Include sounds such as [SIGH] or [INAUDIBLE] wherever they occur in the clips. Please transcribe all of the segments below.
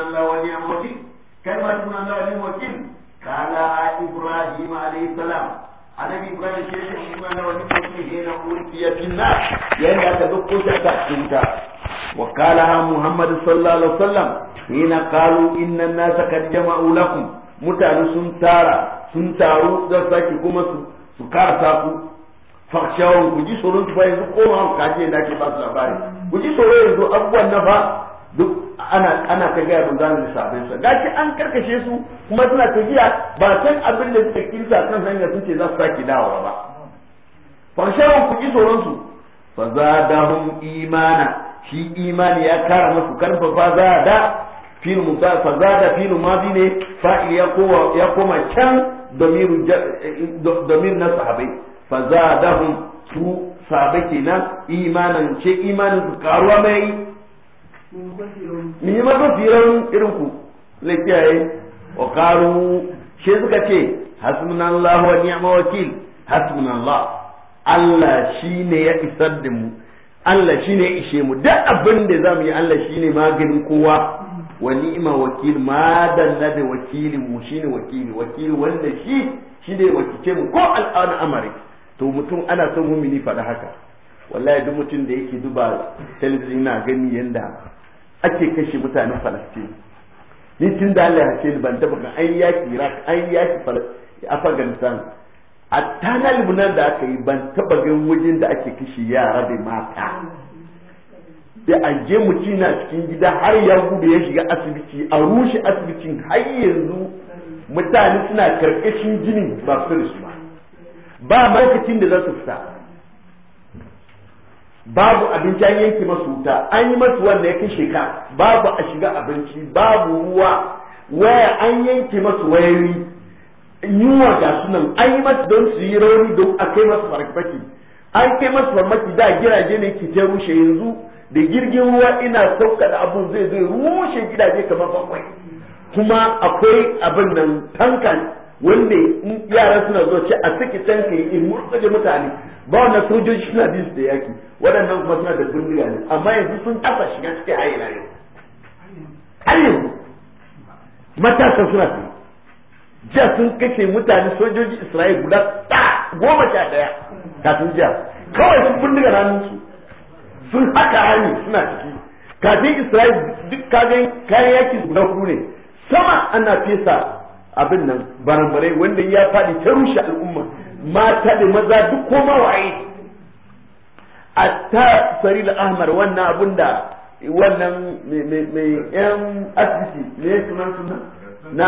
الله وليا وكيل كلمة حسبنا الله وليا وكيل قال إبراهيم عليه السلام annabi ibrahim ke shi kuma na wani kuma ne na urfiya binna yanda aka dukko ta ta tunta wa qala muhammad sallallahu alaihi wasallam hina qalu inna an-nasa qad jama'u lakum mutane sun tara sun taru da saki kuma su su karta ku fakshawun ku ji tsoron ku yanzu ko ma ka je da ke ba su labari ku ji tsoro yanzu abubuwan na fa duk ana ana ta gaya mun zamu lissafin sa gashi an karkashe su kuma suna tafiya ba san abin da suka kirza kan hanya sun ce za su sake dawowa ba farshawan ku ji tsoron su fa zadahum imana shi imani ya kara musu karfafa zada fil muta fa zada fil madi ne fa ya kowa ya koma can damiru damir na sahabai fa zadahum su sahabai kenan imanan ce imanin su karuwa mai Mun yi mafi firan irin ku la wa karu shi suka ce Allah wa ni'ma wakil hasbunallah Allah Allah shine ya isar da mu Allah shine ya ishe mu duk abin da za mu yi Allah shine maganin kowa wa ni'ma wakil ma da da wakilin mu shine wakili wakili wanda shi shine wakice mu ko al'adun amari to mutum ana son mumini faɗa haka wallahi duk mutum da yake duba talabijin na gani yanda ake kashe mutanen falastin ni tun da Allah ya ce ni ban taba ga an yaki iraq an yaki afghanistan a tanal munan da aka yi ban taba ga wajen da ake kashe yara da mata da an je mu ci na cikin gida har ya gudu ya shiga asibiti a rushe asibitin har yanzu mutane suna karkashin jinin ba su su ba ba lokacin da za su fita babu abinci an yanke masu wuta an yi masu wanda ya kashe ka babu a shiga abinci babu ruwa waya an yanke masu wayoyi yunwa ga nan an yi masu don su yi rauni don a kai masu farfaki an kai masu farmaki da gidaje ne ke ta rushe yanzu da girgin ruwa ina sauka da abun zai zai rushe gidaje kamar bakwai kuma akwai abin nan tankan wanda yara suna zuwa ce a saki tankan in murtsaje mutane ba wannan sojoji suna da yaki waɗannan kuma suna da bindiga ne amma yanzu sun shi shiga cikin ayyana yau har yanzu matasan suna tsaye jiya sun kashe mutane sojoji isra'il guda goma sha ɗaya kafin jiya kawai sun bindiga su sun haka hannu suna ciki kafin isra'il duk kagen kayan yaki guda hudu ne sama ana fesa abin nan barambarai wanda ya faɗi ta rushe al'umma mata da maza duk koma waye atta saril ahmar wannan abun da wannan mai yan asibiti ne sunan sunan na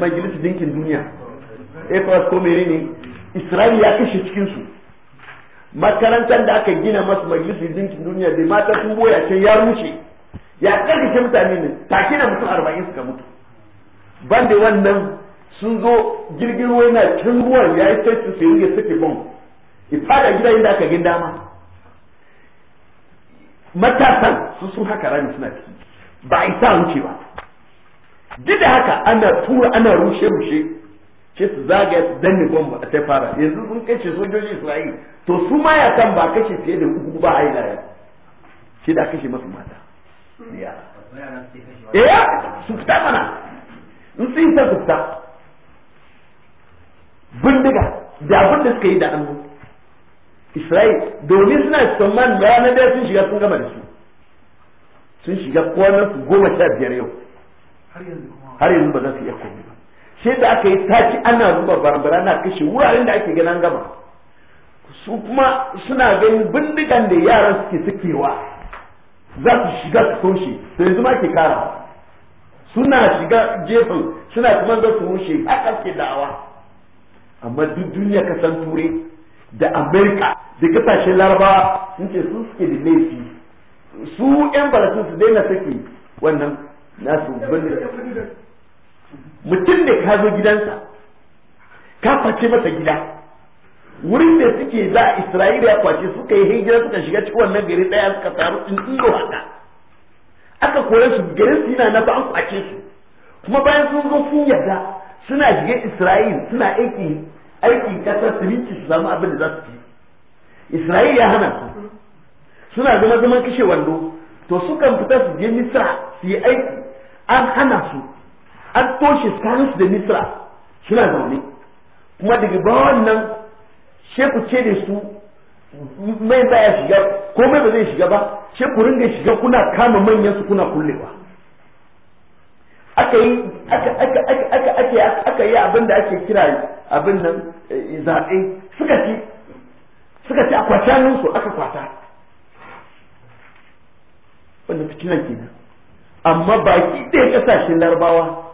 majalisar dinkin duniya ecowas ko mere ne isra'il ya kashe cikinsu makarantar da aka gina masu majalisar dinkin duniya bai mata sun boya can ya rushe ya karkace mutane ne take na mutum arba'in suka mutu ban da wannan sun zo jirgin na can ruwan ya yi sai su sai ringa sake bom da gida inda aka gin dama matasan su sun haka rami suna ciki ba a isa wuce ba duk da haka ana tura ana rushe rushe ce su zagaya su danne bomba ta fara yanzu sun kace sojoji isra'ila to su ma ya san ba kashe fiye da uku ba a yi layi shi da kashe masu mata eh su fita mana in sun ta su fita bindiga da abin da suka yi da annu Isra'il domin suna tsammanin ranar da sun shiga sun gama da su sun shiga kwanan su goma sha biyar yau har yanzu ba za su iya komai ba sai da aka yi taki ana zuba barbara na kashe wuraren da ake ganin gama su kuma suna ganin bindigan da yaran suke sukewa za su shiga su toshe da yanzu ma ke kara suna shiga jefin suna kuma za su rushe haka ke da'awa amma duk duniya ka san turai da amerika da kasashen larabawa sun ce sun suke da laifi su yan balatin su daina saki wannan nasu bane mutum da ka zo gidansa ka kwace masa gida wurin da suke za a isra'ila ya kwace suka yi hijira suka shiga cikin wannan gari daya suka taru in iyo haka aka kore su garin su yana na ba an kwace su kuma bayan sun zo sun yarda suna shiga isra'il suna aiki aikin kasar siminti, su samu abin da za su ci isra'il ya hana su suna zama zaman kashe wando to sukan fita su je misra su yi aiki an hana su an toshe su da misra suna zaune kuma daga bawan nan sheku ce da su mai baya shiga komai ba zai shiga ba sheku ringa shiga kuna kama manyan su kuna kullewa aka yi aka aka aka yi abin da ake kira abin nan eh, zaɓe suka ci suka ci a kwacanin su aka kwata wanda fitinan kenan amma baki ɗaya ƙasashen larabawa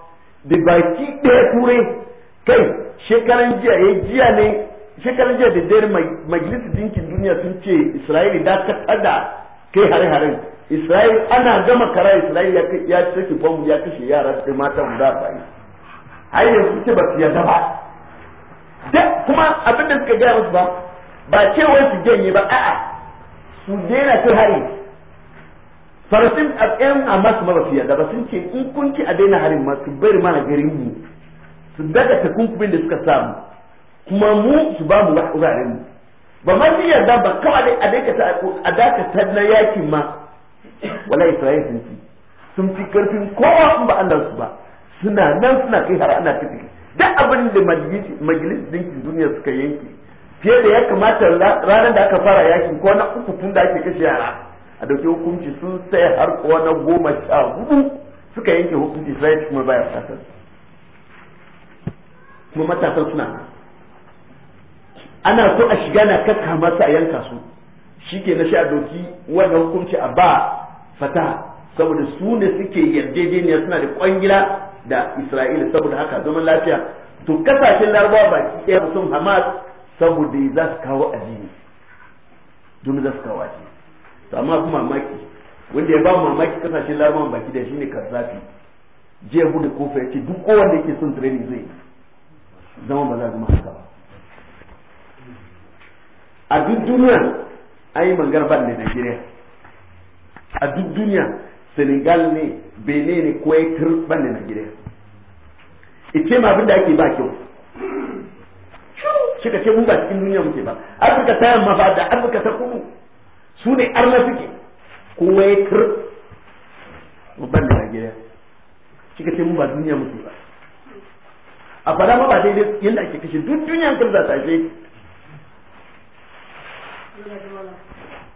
da baki ɗaya ture kai shekaran jiya ya eh, jiya ne shekaran jiya da dare majalisar dinkin duniya sun ce isra'ila da ta kada kai hare-haren isra'il ana gama kara isra'il ya saki bambu ya kashe yara da mata guda arba'in har yanzu ce ba su yarda ba da kuma abin da suka gaya musu ba ba wai su janye ba a'a su daina kai hari farasin a tsayin hamas ma ba su yarda ba sun ce in kun ki a daina harin ma su bari mana garin mu su daga kunkumin da suka samu kuma mu su ba mu wuraren mu ba ma su yarda ba kawai a dakata na yakin ma wala isra'il sun fi sun fi karfin kowa sun ba Allah su ba suna nan suna kai har ana tafi duk abin da majalis dinki duniya suka yanke fiye da ya kamata ranar da aka fara yakin ko na uku tun da ake kashe yara a dauke hukunci sun sai har ko na goma sha hudu suka yanke hukunci isra'ila kuma baya fatar kuma matasan suna ana so a shiga na kakka masu a yanka su shi ke na sha doki wannan hukunci a ba fata saboda su ne suke yarjejeniya suna da kwangila da isra'ila saboda haka zaman lafiya to kasashen larabawa ki ɗaya sun hamas saboda za su kawo addini domin za su kawo addini to amma kuma mamaki wanda ya ba mamaki kasashen larabawa ki da shine kazafi jiya bude kofa ya ce duk kowanne yake son training zai zama ba za zama haka ba a duk duniya an yi mangar ban da najeriya a duk duniya senegal ne benin ne ko ya turban na nigeria ice ma abin da ake ba kyau shi ka ce mun ba cikin duniya muke ba afirka ta yamma ba da afirka ta kudu su ne arna suke kowa ya tur babban na nigeria shi ka ce mun ba duniya muke ba a fara ma ba daidai yadda ake kashe duk duniyan kirza ta je.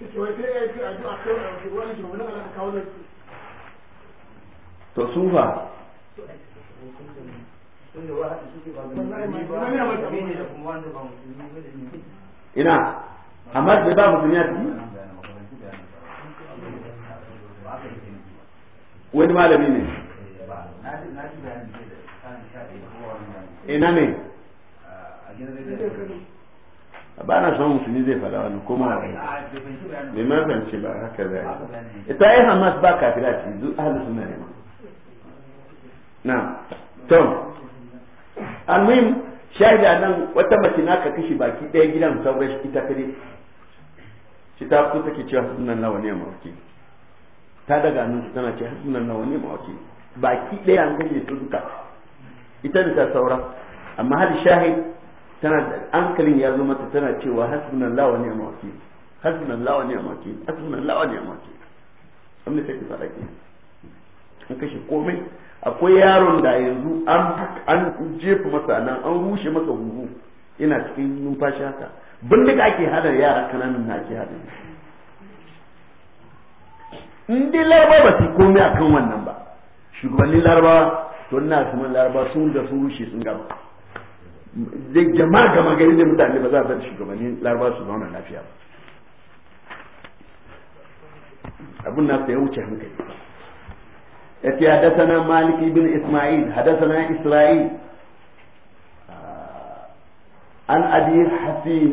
to sufa ina amma da ba musulmi a ciki wani malami ne ina ne ba na son musulmi zai fada wani kuma ma bai ma ba haka zai ita yi hamas ba kafira ce zu ahalu suna ne na tom almuhim shaida nan wata mace ka kashi baki ɗaya gidan saboda shi ita kare shi ta ku take cewa sunan nawa ne wake ta daga nan tana ce sunan nawa ne wake baki ɗaya an ne su duka ita da ta saura amma hali shahid tana da hankalin ya zo mata tana cewa hasbunallah wa ni'mal wakil hasbunallah wa ni'mal wakil hasbunallah wa ni'mal wakil amma take fara ki an kashe komai akwai yaron da yanzu an an jefa masa nan an rushe masa huhu ina cikin numfashi haka bindiga ake hada yara kananan na ake hada in dai larabawa ba su komai akan wannan ba shugabannin larabawa to ina su larabawa sun da sun rushe sun gaba zai jama'a gama gari da mutane ba za a bar shugabanni laraba su zauna lafiya ba abun na ya wuce hankali Ya yace hadathana Maliki, bin isma'il hadathana isra'il ah, an abi hasin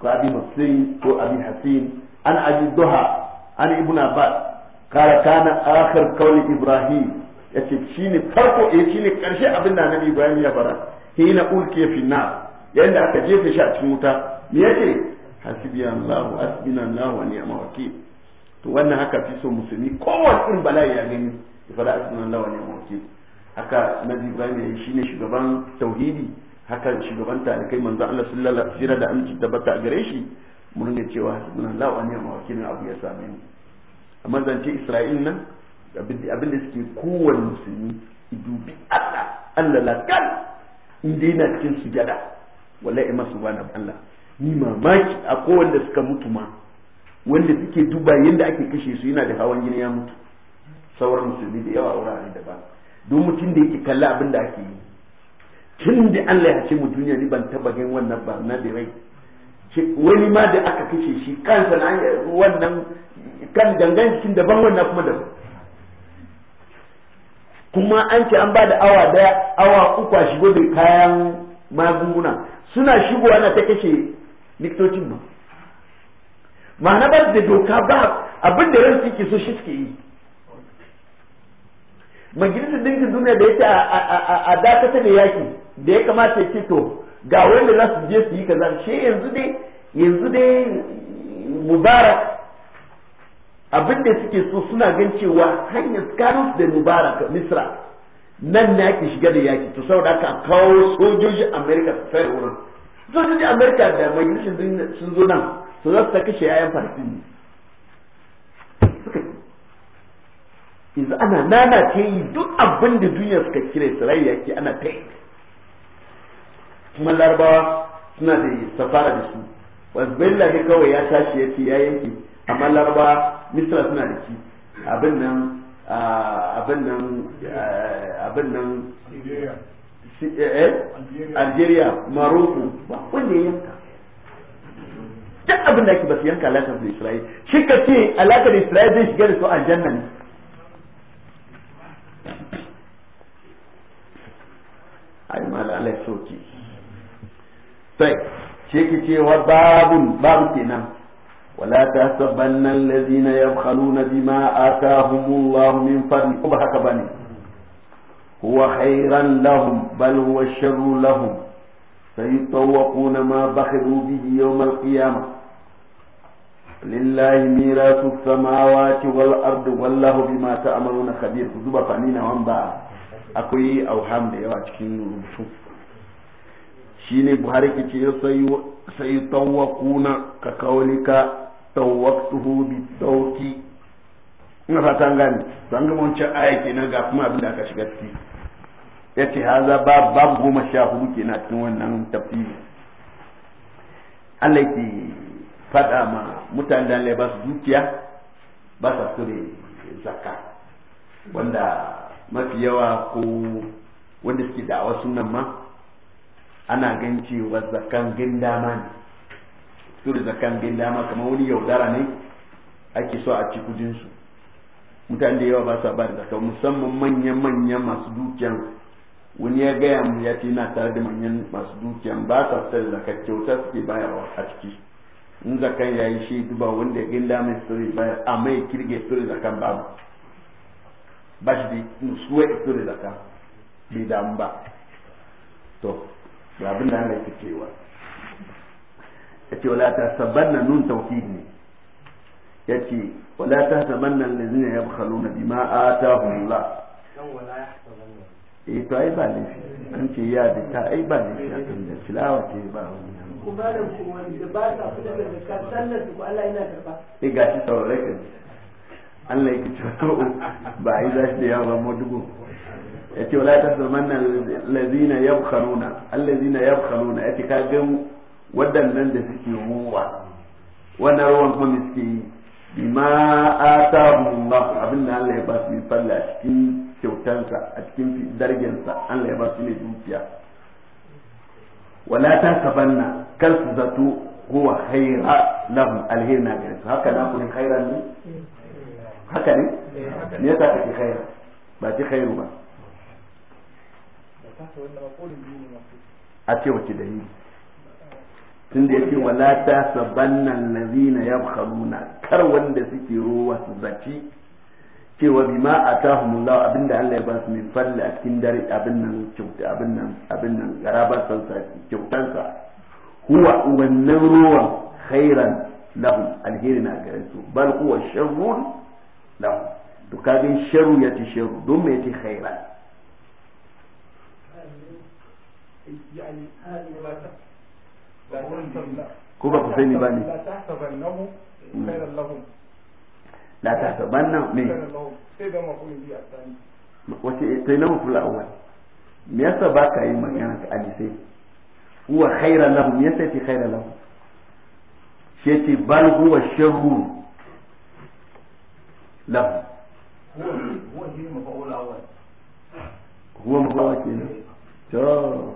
ko abi muslim ko abi hasin an abi duha an ibn abbas kala kana akhir qawli ibrahim yace shine farko eh shine karshe abin da annabi ibrahim ya fara hina ulkiya fi nar yanda aka jefe shi a cikin wuta me yake hasbiya Allahu hasbina Allahu wa ni'ma wakil to wannan haka fi so musulmi kowace irin bala'i ya gani ya fara hasbina Allahu wa ni'ma wakil haka Nabi Ibrahim shine shugaban tauhidi haka shugaban kai manzo Allah sallallahu alaihi wasallam da aminci tabbata a gare shi mun ne cewa hasbuna Allah wa ni'mal wakil abu ya same ni amma zance Isra'il nan abin da suke kowanne musulmi dubi Allah Allah la kan in dai na cikin sujada wallahi ma subhana Allah ni mamaki a wanda suka mutu ma wanda suke duba yadda ake kashe su yana da hawan jini ya mutu sauran musulmi da yawa wurare da ba don mutum da yake kalla abin da ake yi tun da Allah ya ce mu duniya ni ban taba ganin wannan ba na da rai wani ma da aka kashe shi kansa na wannan kan dangancin daban wannan kuma daban kuma an ce an ba da awa daya awa uku a shigo da kayan magunguna suna shigowa na ta kashe likitocin ba. ma'ana ba da doka ba abin da ransu ke so shi suke yi majalisar dinkin duniya da ce a dakata da yaki da ya kamata ya ce to ga wanda za su je su yi kaza shi yanzu dai yanzu dai mubarak abin da suke so suna gan cewa hanyar kanus da mubarak misra nan na ke shiga da yaki to saboda aka kawo sojoji america su fara wurin sojoji america da majalisar sun zo nan su za su ta kashe yayan falastin yanzu ana nana ta yi duk abin da duniya suka kira isra'ila yaki ana ta yi kuma larabawa suna da safara da su wasu kawai ya tashi ya ce ya yanke amma laraba misra suna da shi abin nan abin nan abin nan eh, eh? algeria maroko ba wanda ya yanka duk abin da ake ba su yanka alakar da isra'il shi ka ce alakar da isra'il zai shiga da su aljanna ne ai mala ya soki sai shi ke cewa babun babu kenan ولا تحسبن الذين يبخلون بما آتاهم الله من فضل وبحك بني هو خيرا لهم بل هو الشر لهم سيطوقون ما بخلوا به يوم القيامة لله ميراث السماوات والأرض والله بما تأمرون خبير زبا فنين وانباء أكوي أو حمد يواتكين رسول shine buhari ke ce sayutawakuna tawaktuhu bi sauki ina fatan gani ban ga wancan aya kenan ga kuma abin da aka shiga ciki yace haza ba babu goma sha hudu kenan cikin wannan tafsiri Allah yake fada ma mutanen da ba su dukiya ba sa sure zakka wanda mafi yawa ko wanda suke da'awa sunan ma ana gan cewa zakkan gindama ne yau zakan bin dama kamar wani yaudara ne ake so a ci kudinsu mutane da yawa ba sa ba da zakka musamman manya-manyan masu dukiyan wani ya gaya mu ya ce na tare da manyan masu dukiyan ba sa fitar da zakka kyauta suke bayarwa a ciki in zakan ya yi shi duba wanda ya ginda mai story bayar a mai kirge story zakan mu ba shi da nusuwa story zakan bai damu ba to ga abin da ana yake cewa yace wala sabanna nun tawkid ne yace wala sabanna allazina yabkhaluna bima atahumullah eh to ai ba laifi an ce ya da ta ai ba laifi a kan da filawa ke ba ku ba da ku wanda ba ta fita da zakka sallar ku Allah yana karba eh gashi saurare ka Allah yake cewa ba ai za da yawa mu dubu yace wala tahsabanna allazina yabkhaluna allazina yabkhaluna yace ka gamu waɗannan da suke ruwa wannan ruwan kuma me suke yi bima atahum Allah abin da Allah ya ba su min falla a cikin kyautansa a cikin dargensa Allah ya ba su ne dukiya wala ta kabanna kar su zato huwa khaira lahum alheri na gare su haka na kuri khairan ne haka ne me yasa kake khaira ba ci khairu ba a ce wace dalili tunda yace wala ta sabanna allazina yabkhaluna kar wanda suke ruwa su zaci cewa bima atahumullahu abinda Allah ya ba su min falla a cikin dare abin nan kyauta abin nan abin nan garaba san sa kyautan sa huwa wannan ruwan khairan lahum alheri na gare su bal huwa sharrun lahum to kagin sharru ci sharru don me yace khairan ba ta ko ba ku sani ba ne la ta ta ban nan me wace ta yi na mafi la'awar me yasa ba ka yi magana ka hadisai huwa khairan lahu me yasa ce khairan lahu shi yace bal huwa sharru lahu huwa huwa shi ne mafa'ul awal huwa mafa'ul kenan to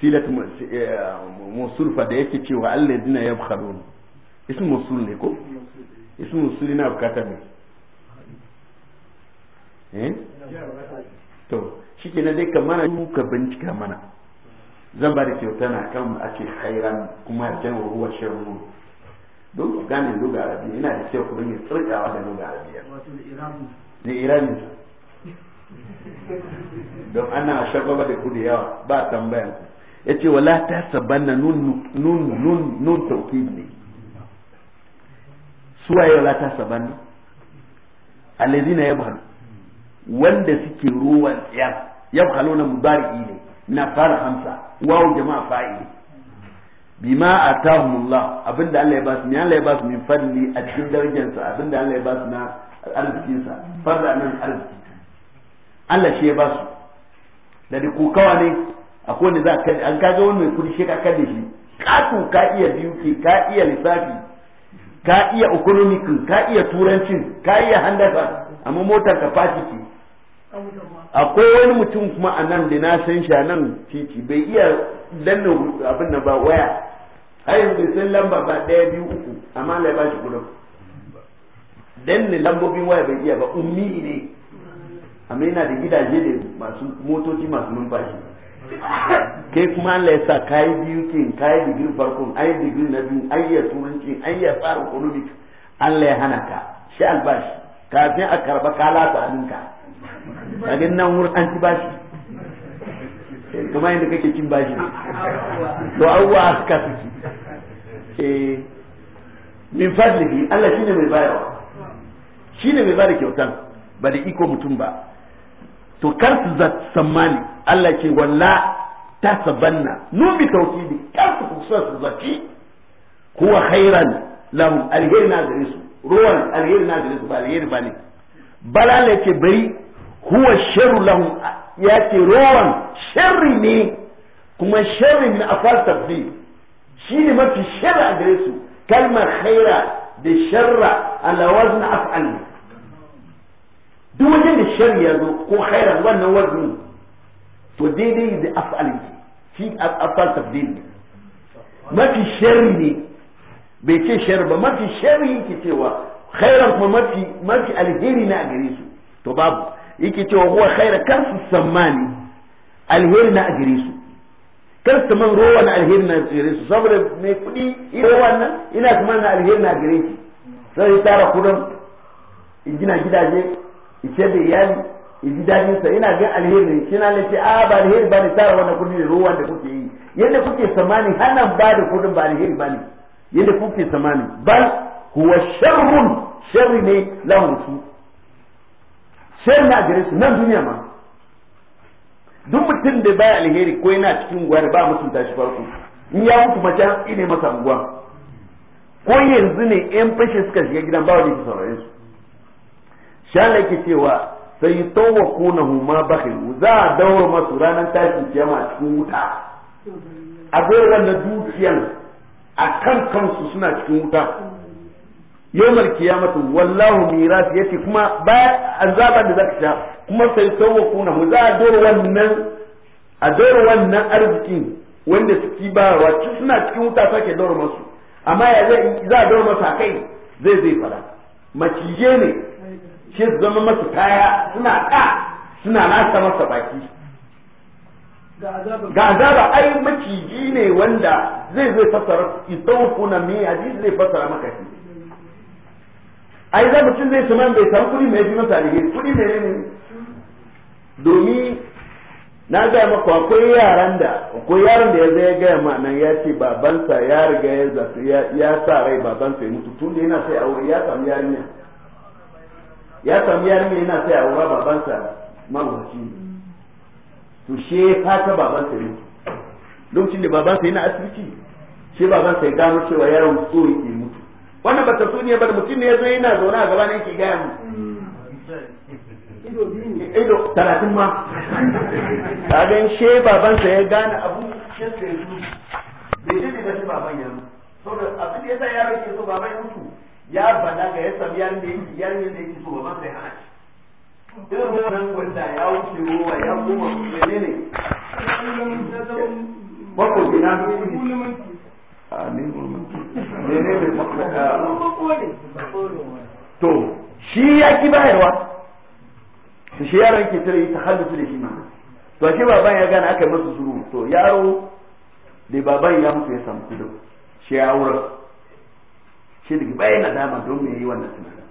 silat musul eh, da yake cewa allah dina alladina yabkharun ismin musul ne ko ismin musul na bukata ne eh to shi na dai kamar ka bincika mana zan ba da kyauta na kan ake khairan kuma ya jan ruwa sharru don ku gane lugar arabiya yana da kyau ku rinke tsirkawa da lugar arabiya ne irani don ana shagaba da ku yawa ba tambayan ku yace wala tahsabanna nun nun nun nun tawkid ne suwaye wala tahsabanna alladhina yabhalu wanda suke ruwan tsiyar na mubariki ne na fara hamsa wawu jama'a fa'ili bima atahumullah abinda Allah ya ba su ne Allah ya ba su min fadli a cikin darajarsa abinda Allah ya ba su na arzikinsa farda nan arziki Allah shi ya ba su da ko kokawa ne akwai wanda za ka an kaga wani mai kudi shi ka kalle shi katu ka iya biyu ka iya lissafi ka iya economic ka iya turancin ka iya handasa amma motar ka fashi ce akwai wani mutum kuma a nan da na san shi a nan titi bai iya danna abin nan ba waya har yanzu bai san lamba ba ɗaya biyu uku amma Allah ya bashi kudin danna lambobin waya bai iya ba ummi ne amma yana da gidaje da masu motoci masu numfashi kai kuma Allah ya sa kai biyu ke kai digiri farko ai digiri na biyu ai ya turanci ai ya fara kunubi Allah ya hana ka shi albashi kafin a karba ka lasa abinka kaga nan wurin an ci bashi kuma yadda kake cin bashi to awwa suka suke eh min fadlihi Allah shine mai bayarwa shine mai bada kyautan ba da iko mutum ba to kar su za sammani, Allah ce walla ta sabanna nun bi tawkidi kar su kusa su zaki huwa khairan lahum alheri na gare su ruwan alheri na gare su ba alheri bane bala ne ke bari huwa sharru lahum ya ce ruwan sharri ne kuma sharri ne a falsaf ne shi ne mafi sharri a gare su kalmar khaira da sharra ala wazn af'al ne duk wajen da shari ya zo ko khairan wannan wajen to daidai da af'al yake shi af'al tabdil ne mafi shari ne bai ce shari ba mafi shari yake cewa khairan kuma mafi mafi alheri na a gare su to babu yake cewa huwa khaira kan su sammani alheri na a gare su kan su man rowa na alheri na gare su saboda mai kudi rowa nan ina kuma na alheri na gare shi sai ya tara kudin gina gidaje ishe da yan ji dadin sa ina ga alheri ne shi na nace a ah, ba alheri ba ne tara wannan kudi da ruwan da kuke yi yadda kuke samani hana ba da kudin ba alheri ba ne yadda kuke samani bal huwa sharrun sharri ne lahum su sai na gare su nan duniya ma duk mutum da baya alheri ko yana cikin gwari ba mutum tashi farko in ya mutu mace ine masa unguwa ko yanzu ne yan fashe suka shiga gidan ba wani ke saurare su shan yake cewa sai tawwakunahu ma bakhilu za a daura masu ranar tashin kiyama cikin wuta a gora na dukiyan a kan kansu suna cikin wuta yawmar kiyamatu wallahu miras yake kuma ba azaba da zaka sha kuma sai tawwakunahu za a daura wannan a daura wannan arzikin wanda suke ba wa suna cikin wuta sake daura masu amma ya za a daura masu a kai zai zai fara macije ne sai su zama masa kaya suna ka suna nasa masa baki ga azaba ai maciji ne wanda zai zai fasara istawfuna me hadis zai fasara maka shi ai za mutum zai saman bai san kudi mai jima ne kuɗi mai ne domin na ga maka akwai yaran da akwai yaran da ya zai gaya ma nan ya ce babansa ya riga ya zafi ya sa rai babansa ya mutu tun da yana sai aure ya samu yarinya ya samu yarinya yana sai aura babansa marubuci to she ta babansa ne lokacin da babansa yana asibiti she babansa ya gano cewa yaron so yake mutu wannan ba ta so ne ba mutum ne ya zo yana zaune a gaba ne yake gaya mu ido talatin ma kagan she babansa ya gane abu yanda da yake so ba sai irin wannan gwanda ya wuce ruwa ya bako a ne to shi ya ki bayarwa to shi yaron ke tare ta halittu da shi ma to shi baban ya gana aka masa suru to yaro da baban ya mutu ya samu kudu shi ya wurar shi daga bayan nadama don mai yi wannan tunanin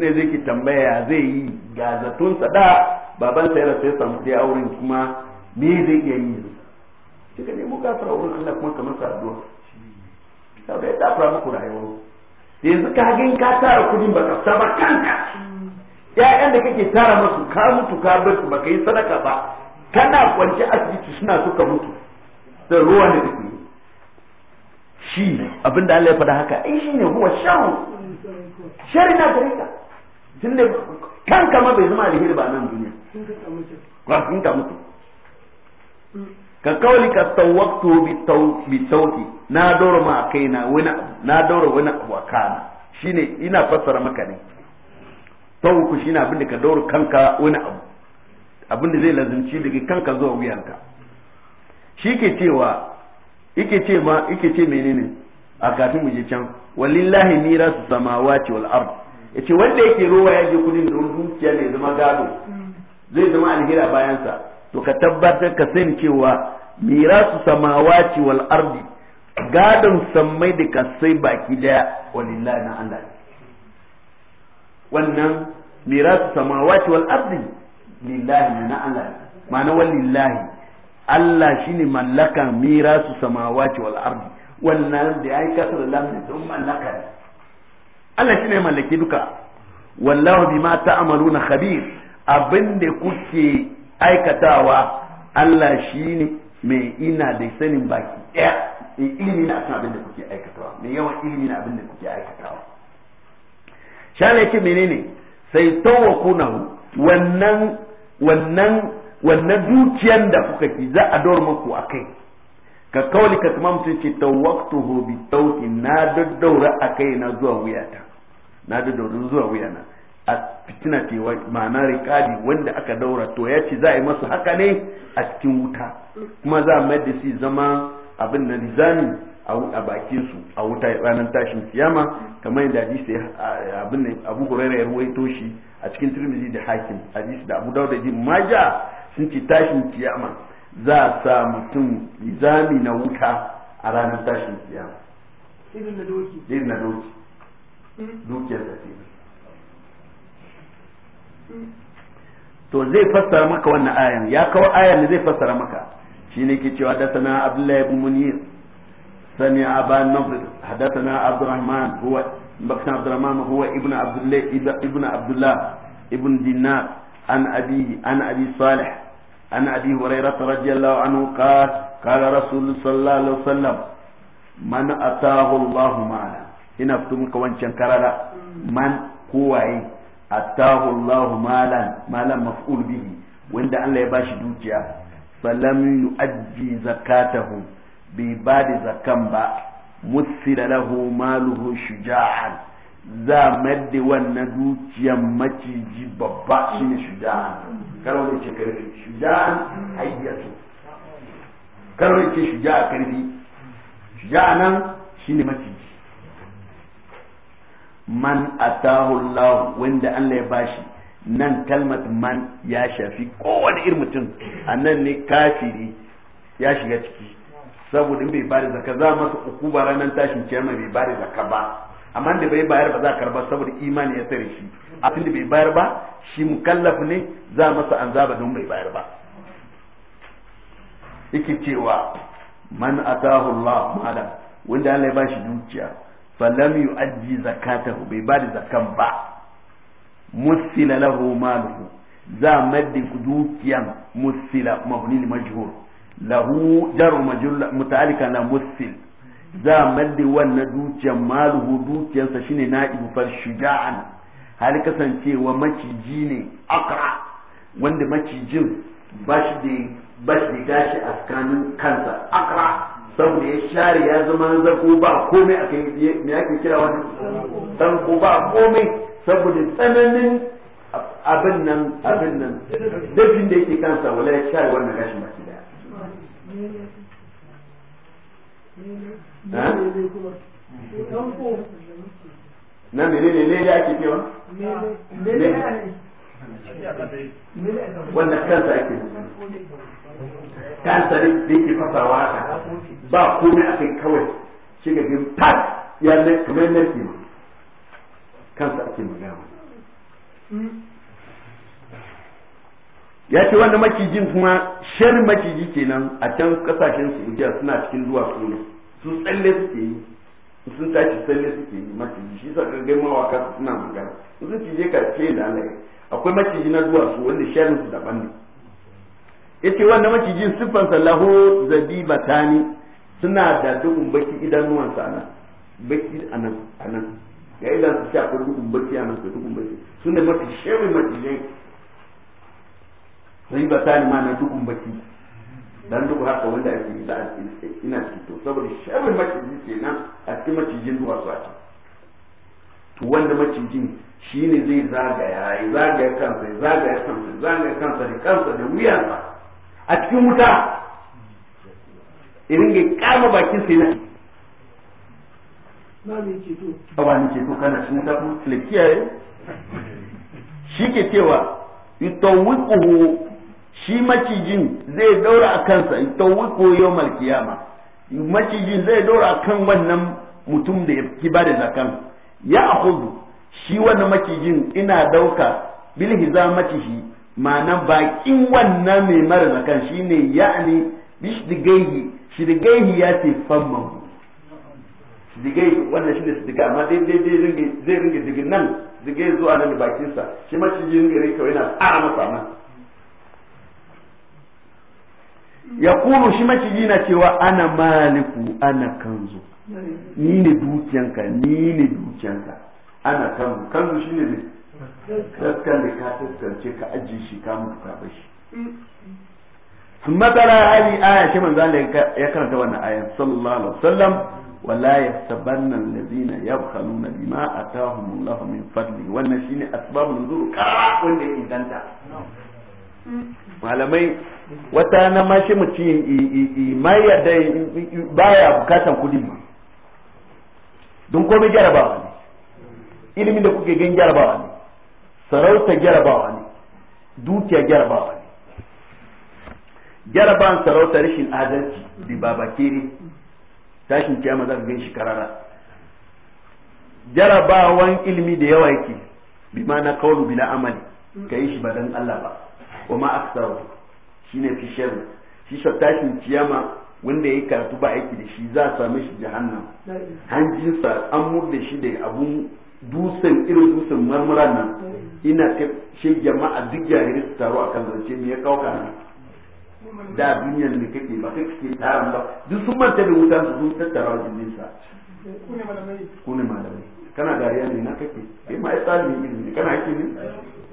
ne zai ki tambaya zai yi ga zaton da baban sa yana sai samu dai auren kuma me zai iya yi shi ka nemo gafara wurin Allah kuma kamar sa addu'a saboda ya fara muku rayuwar yanzu ka ga ka tara kudin ka saba kanka ya'yan da kake tara masu ka mutu ka bar su baka yi sadaka ba kana kwance asibiti suna suka mutu da ruwa ne da shi abinda Allah ya faɗa haka ai shine huwa shahu shari na gare ka da kanka ma bai zama alheri ba nan duniya ba kun ka mutu ka kawali ka tawaktu bi tawki na dora ma kaina wani na dora wani abu kana shine ina fassara maka ne tawku shine abin da ka dora kanka wani abu abin da zai lazimci daga kanka zuwa wuyanka shi ke cewa yake ce ma yake ce menene a kafin mu je can walillahi mirasu samawati wal ard yace wanda yake rowa ya je kudin da dukiya ne zama gado zai zama alhira bayan sa to ka tabbatar ka sani cewa mirasu samawati wal ard gadon sammai da kasai baki daya walillahi na Allah wannan mirasu samawati wal ard lillahi na Allah ma'ana walillahi Allah shine mallaka mirasu samawati wal ardi wannan da yayi kasar lamin sun mallaka Allah shine mallaki duka wallahu bima ta'maluna khabir abinda kuke aikatawa Allah shine mai ina da sanin baki ɗaya ilimi na akan abin da kuke aikatawa mai yawan ilimi na abin da kuke aikatawa shana yake menene sai tawakunahu wannan wannan wannan dukiyan da kuka ki za a dora muku a kai ka kawai ka kuma mutum ce ta waktu hobi tauki na daddaura a kai na zuwa wuyata na daddaura zuwa wuyana a fitina ce ma'ana rikadi wanda aka daura to ya ce za a yi masu haka ne a cikin wuta kuma za a da shi zama abin da rizani a bakin su a wuta ranar tashin kiyama kamar yadda hadisi abin da abu hurairah ya ruwaito shi a cikin tirmidhi da hakim hadisi da abu dawud da maja sun ce tashin kiyama za a sa mutum zami na wuta a ranar tashin kiyama irin na doki dukiyar na doki hmm. to zai fassara maka wannan ayan ya kawo ayan ne zai fassara maka shine ke cewa da sana abdullahi ibn munir sani aban nafr hadathana abdurrahman huwa bakna abdurrahman huwa ibn abdullah ibn abdullah ibn dinar an abi an abi salih عن أبي هريرة رضي الله عنه قال قال رسول صلى الله عليه وسلم من أتاه الله معنا هنا فتم كوان شنكرا من هو أتاه الله مالا مالا مفعول به وعند أن لا يباش دوجيا فلم يؤدي زكاته بباد زكامبا مثل له ماله شجاعا za madde wannan dukiyan maciji babba shine shuja'a karwa ce karfi shuja'an hayyatu karwa ce shuja'a karfi shuja'a nan shine maciji man atahu Allah wanda Allah ya bashi nan kalmat man ya shafi kowane irin mutum a nan ne kafiri ya shiga ciki saboda bai bada zaka za masa ba ranar tashin mai bai bada zaka ba amma da bai bayar ba za a karba saboda imani ya tsare shi abin da bai bayar ba shi mukallaf ne za masa an zaba don bai bayar ba yake cewa man atahu Allah mala wanda Allah ya bashi dukiya falam yu'addi zakatahu bai bada zakan ba musila lahu maluhu za maddi dukiyan musila mabni majhur lahu jar majhul mutalika na musil za maddi wannan dukiyan maluhu dukiyansa shine na'ibu far shuja'an hali kasancewa maciji ne akra wanda macijin ba shi da gashi a tsakanin kansa akra saboda ya share ya zama zako ba komai a kai me ake kira wani zanko ba komai saboda tsananin abin nan abin nan dafin da yake kansa wala ya share wannan ba shi daya na menene ne da ake cewa wanda kansa ake kansa ne da yake fasawa haka ba komai a kai kawai shi ga gin pat ya ne kamar narki ma kansa ake magana ya ce wanda macijin kuma shar maciji kenan a can kasashen su suna cikin zuwa su ne su tsalle suke yi sun tashi sanne suke yi maciji shi sa gaggai mawaka su suna magana sun cije ka ce da Allah akwai maciji na duwatsu wanda sharin su daban ne yace wanda macijin siffan sallahu zabibatani suna da dubun baki idanuwan sa nan baki anan anan ga idan su shafa dubun baki anan da dubun baki suna mafi shirin macijin zabibatani ma na dubun baki dan duk haka wanda ake yi da ina to saboda sharrin maciji ke nan a cikin macijin duwa su ake to wanda macijin shi ne zai zagaya ya zagaya kansa ya zagaya kansa ya zagaya kansa da kansa da wuyansa a cikin wuta irin ga kama bakin sai na ba ne ceto a ba ne ceto kana cikin wuta kuma kiyaye shi ke cewa yutawwiquhu shi macijin zai daura a kansa tawwiko yau malkiyama macijin zai daura a kan wannan mutum da ya ba da zakan ya hudu shi wannan macijin ina dauka za macihi, ma'ana bakin wannan mai mara zakan shine ya'ni shidigai shidigaihi ya ce famman shidigai wannan ne shidiga amma dai zai ringe zigin nan zigai zuwa nan da bakinsa shi macijin ringe kawai yana tsara masa nan ya kulu shi maciji na cewa ana maliku ana kanzu ni ne dukiyanka ni ne dukiyanka ana kanzu kanzu shi ne kaskan da ka tattance ka ajiye shi ka mutu ka bashi sun matsala hali aya ce manzan da ya karanta wannan ayan sallallahu alaihi wasallam wala yasabanna allazina yabkhaluna bima atahum Allah min fadli wannan shine asbabun zuru kara wanda ya inganta malamai wata na ma shi mutum mai yadda baya bukatan kudi ma don komai jarabawa ne ilimi da kuke gan jarabawa ne sarauta jarabawa ne dukiya jarabawa ne jarabawan sarauta rashin adalci da babakere tashin kiyama za ka gan shi karara jarabawan ilimi da yawa yake bi ma na kawo bila amali ka yi shi ba don Allah ba wa ma aksaru shine fi sharri shi sattashin ciyama wanda ya karatu ba aiki da shi za a same shi jahannam hanjinsa an murda shi da abun dusan irin dusan marmara nan ina ta shi jama'a duk jahiri su taro a kan zance me ya kauka nan da duniyar ne kake ba kai kake taron ba duk sun manta da wuta su sun tattara jininsa ku ne malamai kana dariya ne na kake kai ma ya tsari ne kana yake ne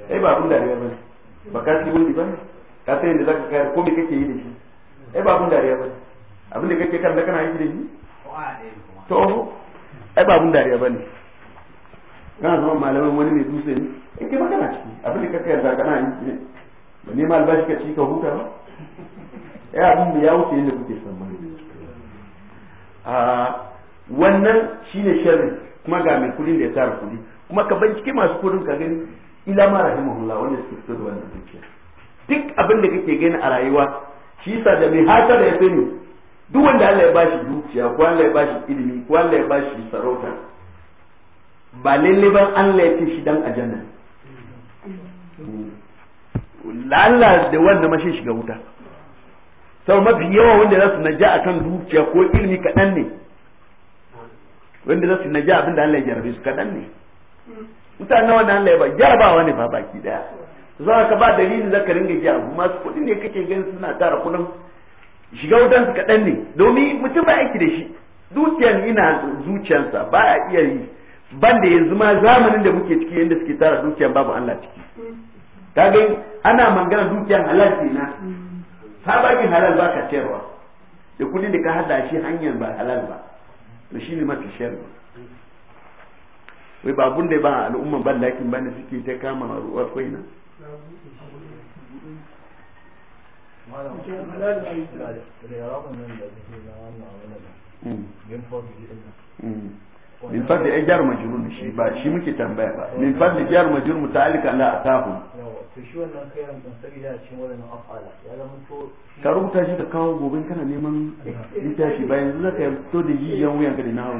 ai ba abin dariya ba ne ba ka ci wani ba ka sai da zaka kai ko me kake yi da shi ai ba abun dariya ba abinda kake kan da kana yi da shi to ai ba abun dariya ba ne kana zama malamin wani mai dutse ne in eh, kai magana ciki abinda kake yarda kana yi ne ba ma albashi ka ci ka huta ba ai abin da ya wuce yadda kuke san mai a wannan shine sharri kuma ga mai kudin da ya tara kudi kuma ka bincike masu kudin ka gani ila ma rahimahullah wanda suke fito da wannan dukiya duk abin da kake gani a rayuwa shi yasa da mai hata da ya sani duk wanda Allah ya bashi dukiya ko Allah ya bashi ilimi ko Allah ya bashi sarauta ba lalle ban Allah ya ce shi dan aljanna Allah da wanda shi shiga wuta sau mafi yawa wanda za su naja akan dukiya ko ilimi kaɗan ne wanda za su naja abin da Allah ya jarabe su kaɗan ne mutanen wannan Allah ya ba jarabawa ne ba baki daya za ka ba dalili ka ringa ji masu kuɗi ne kake gani suna tara kuɗin shiga wutan su kaɗan ne domin mutum ba aiki da shi zuciyar ina zuciyarsa ba a iya yi ban da yanzu ma zamanin da muke ciki yadda suke tara dukiyar babu Allah ciki ka ga ana magana dukiyar halal ce na sabakin halal ba ka cewa da kudin da ka hada shi hanyar ba halal ba to shine mafi ba. wai ba abun da ba al'umma ban lakin ba ne suke ta kama ruwa kai na hmm. min fadli ai jar majrur shi ba shi muke tambaya ba min fadli jar majrur mutalika la atahu to shi wannan kai ran sai ya cin wannan afala ya zama to ka rubuta shi ka kawo gobin kana neman littafi bayan zaka to da yi yan wuyan ka da na hawo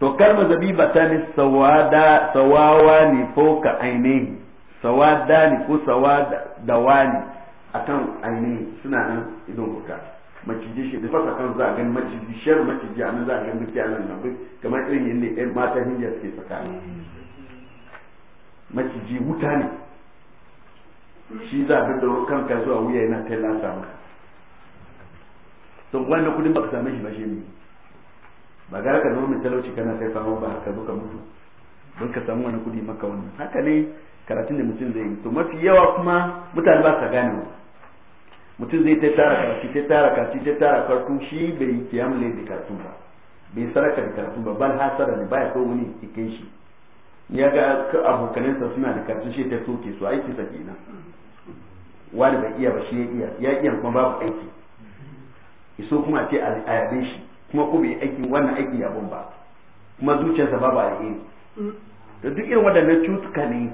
to kalma zabiba ta ne sawada sawawa ne ka ainihi sawada ne ko sawadawa ne akan ainihi suna nan idon buka maciji shi da fasa kan za a gani maciji shar maciji a nan za a gani dukiya nan kamar irin yadda yan mata hindiya suke tsakani maciji wuta ne shi za a bi da kanka zuwa wuya yana kai lasa maka to wanda kudin ka same shi ba shi ne ba ga ka zama mai talauci kana sai fama ba ka zo ka mutu don ka samu wani kudi maka wannan haka ne karatun da mutum zai yi to mafi yawa kuma mutane ba sa gane wa mutum zai ta tara karatu ta tara karatu ta tara karatu shi bai kiyamu ne da karatu ba bai saraka da karatu ba bal hasara ne baya so wani cikin shi ya ga abokanansa suna da karatu shi ta soke su aiki sa kenan wani bai iya ba shi ya iya ya iya kuma babu aiki iso kuma ce a yabe shi kuma ko bai aiki wannan aiki yabon ba kuma zuciyarsa ba ba alheri da mm. duk irin waɗannan cutuka ne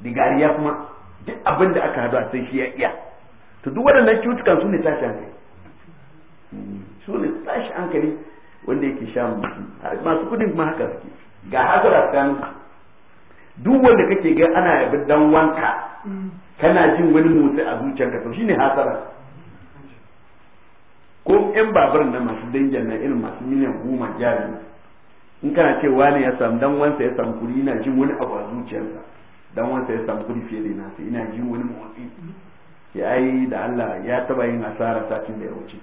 digariya kuma duk abin da aka hadu a sai shi ya iya to duk waɗannan cutukan su ne tashi hankali mm. su ne tashi hankali wanda yake sha mutu masu kudin kuma haka suke ga haka da tsakanin duk wanda kake ga ana yabi dan wanka mm. kana jin wani motsi a zuciyarka to shine hasara ko yan babur na masu danjan na irin masu miliyan goma jari in kana ce wani ya samu dan wansa ya samu kuri ina jin wani abu a zuciyarsa dan wansa ya samu kuri fiye da sai ina jin wani motsi ya ai da Allah ya taba yin asara satin da ya wuce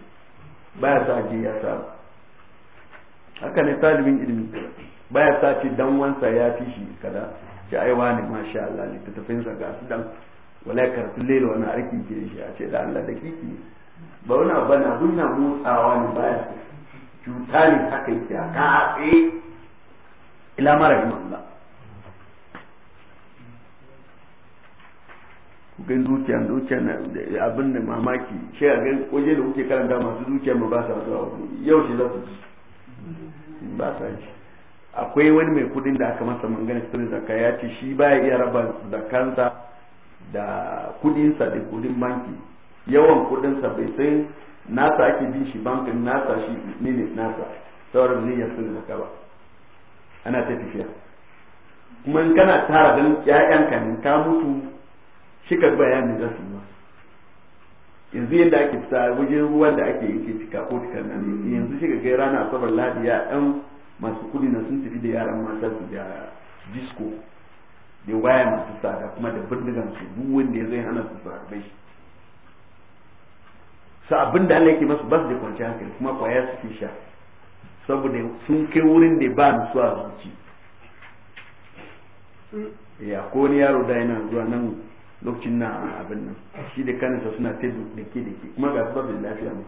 baya sa je ya sa haka ne talibin ilimi baya sa ce dan wansa ya fi shi kada ce ai wani masha Allah ne ta tafinsa ga su dan wala karatu lela wani aiki ke shi a ce da Allah da kiki ba wani abu na abu na motsawa ne baya cuta ne haka yake a kafe ila mara yi mamba kukan zuciya zuciya na abin da mamaki shi a gan koje da kuke karanta masu zuciya ma ba sa zuwa yau shi za su ci ba sa ci akwai wani mai kudin da aka masa mangana ne zaka ya ce shi baya iya raba kansa da kudinsa da kudin banki yawan kudin sa bai sai nasa ake bin shi bankin nasa shi ne ne nasa sauran niyyar sun zaka ba ana ta tafiya kuma in kana tara dan 'ya'yanka ne ka mutu shi ka bayani za su yi masu yanzu yadda ake fita wajen ruwan da ake yake cika ko cika ne yanzu shi ga rana asabar ladi 'ya'yan ɗan masu kudi na sun tafi da yaran mata su da disco da waya masu tsada kuma da bindigan su duk wanda ya zai hana su su bai. shi sa abin da Allah yake masu ba su da kwanciyar hankali kuma kwaya fi sha saboda sun kai wurin da ba su a zuci ya ko wani yaro da yana zuwa nan lokacin na abin nan shi da kanisa suna ta da ke kuma ga su babin lafiya ne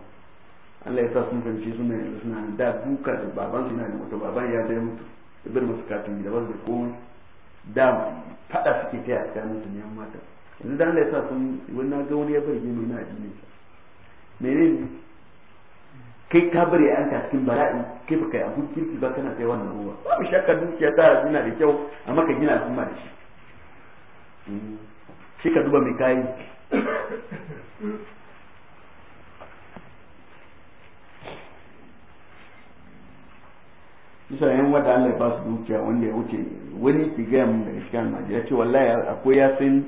Allah ya sa sun fahimci suna yanzu suna da duka da baban su yana da mutu baban ya bai mutu ya bar musu katin gida ba su da komai da fada suke ta a tsakanin su ne mata yanzu da Allah ya sa sun wani na ga wani ya bar gini na addinin sa menene kai ka bari an ta cikin bara'i kai baka yi abun kirki ba kana sai wannan ruwa babu shakka dukiya ta gina da kyau amma ka gina al'umma da shi hmm. shi ka duba mai kayi bisa yan wata Allah ya basu dukiya wanda ya wuce wani ki gaya mun da cikin almaji ya ce wallahi akwai yasin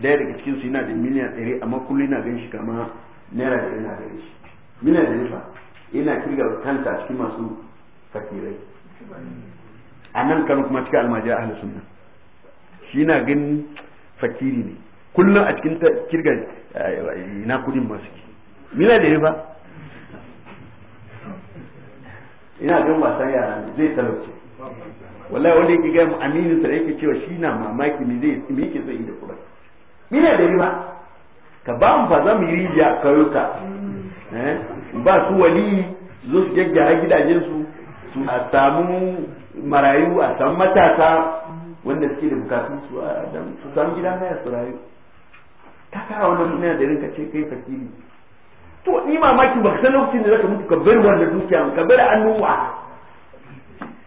da daya daga cikin su yana da miliyan ɗari amma kullum na gan shi kama naira da ina gare shi mina da nufa ina kirga kanta cikin masu fakirai a nan kano kuma cikin a ahli sunna shi na ganin fakiri ne kullum a cikin kirga eh, ina kudin masu ki mina da nufa ina gan wasan yara zai talauce wallahi wanda yake gaya mu aminin sa yake cewa shi na mamaki ne zai me yake zai yi da kuɗin mina da nufa ka ba mu fa za mu yi rijiya a kauyuka eh, ba su wali zo su gyaggyara gidajen su su a samu marayu a samu matasa wanda suke da bukatun su a su samu gidan haya su rayu ta kara wannan suna da rinka ce kai fasili to ni mamaki ba san lokacin da zaka mutu ka bar wannan dukiya ka bar annuwa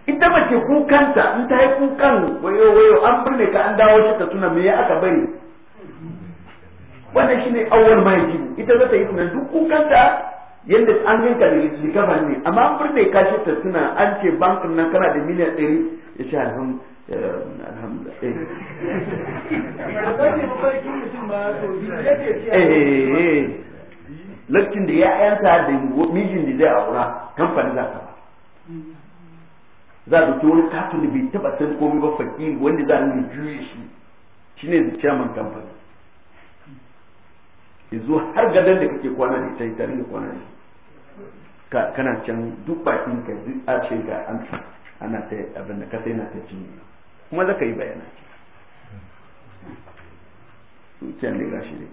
ita mace kukanta in ta yi kukan wayo wayo an birne ka an dawo ta tuna me ya aka bari wannan shine awwal ma yajibu ita za ta yi tunan duk kukanta yadda an ganka da ligaba ne amma an burne ka shi ta suna an ce bankin nan kana da miliyan 100 ya ce alhamdu eh, eh. eh, lokacin da ya yanta da mijin da zai aura kamfani za ta ba za a wani katon da bai taba san komai ba fakiri wanda za a nuna juye shi shine chairman kamfani zo har gadon da kake kwana da ita ita rinka kwana da ka kana can duk bakin ka duk a ce ga an ana ta abin da ka sai na ta cinye kuma zaka yi bayana kyan ne gashi ne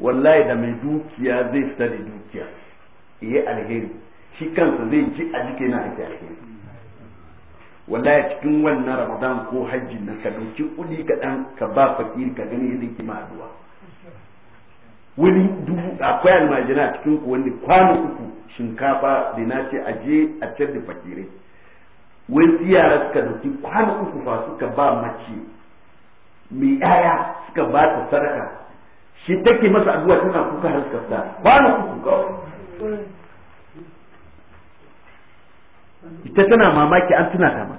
wallahi da mai dukiya zai fita da dukiya yayi alheri shi kansa zai ji a jike na ake alheri wallahi cikin wannan ramadan ko hajji na ka dauki kudi kaɗan ka ba fakiri ka gani yadda ke ma'aduwa wani dubu akwai almajina a cikin ku wanda kwano uku shinkafa da na ce je a ciyar da fakirai wai yara suka dauki kwano uku fa suka ba mace mai yaya suka ba ta sadaka shi take masa addu'a tana kuka har suka fita kwano uku kawai ita tana mamaki an tuna ta ma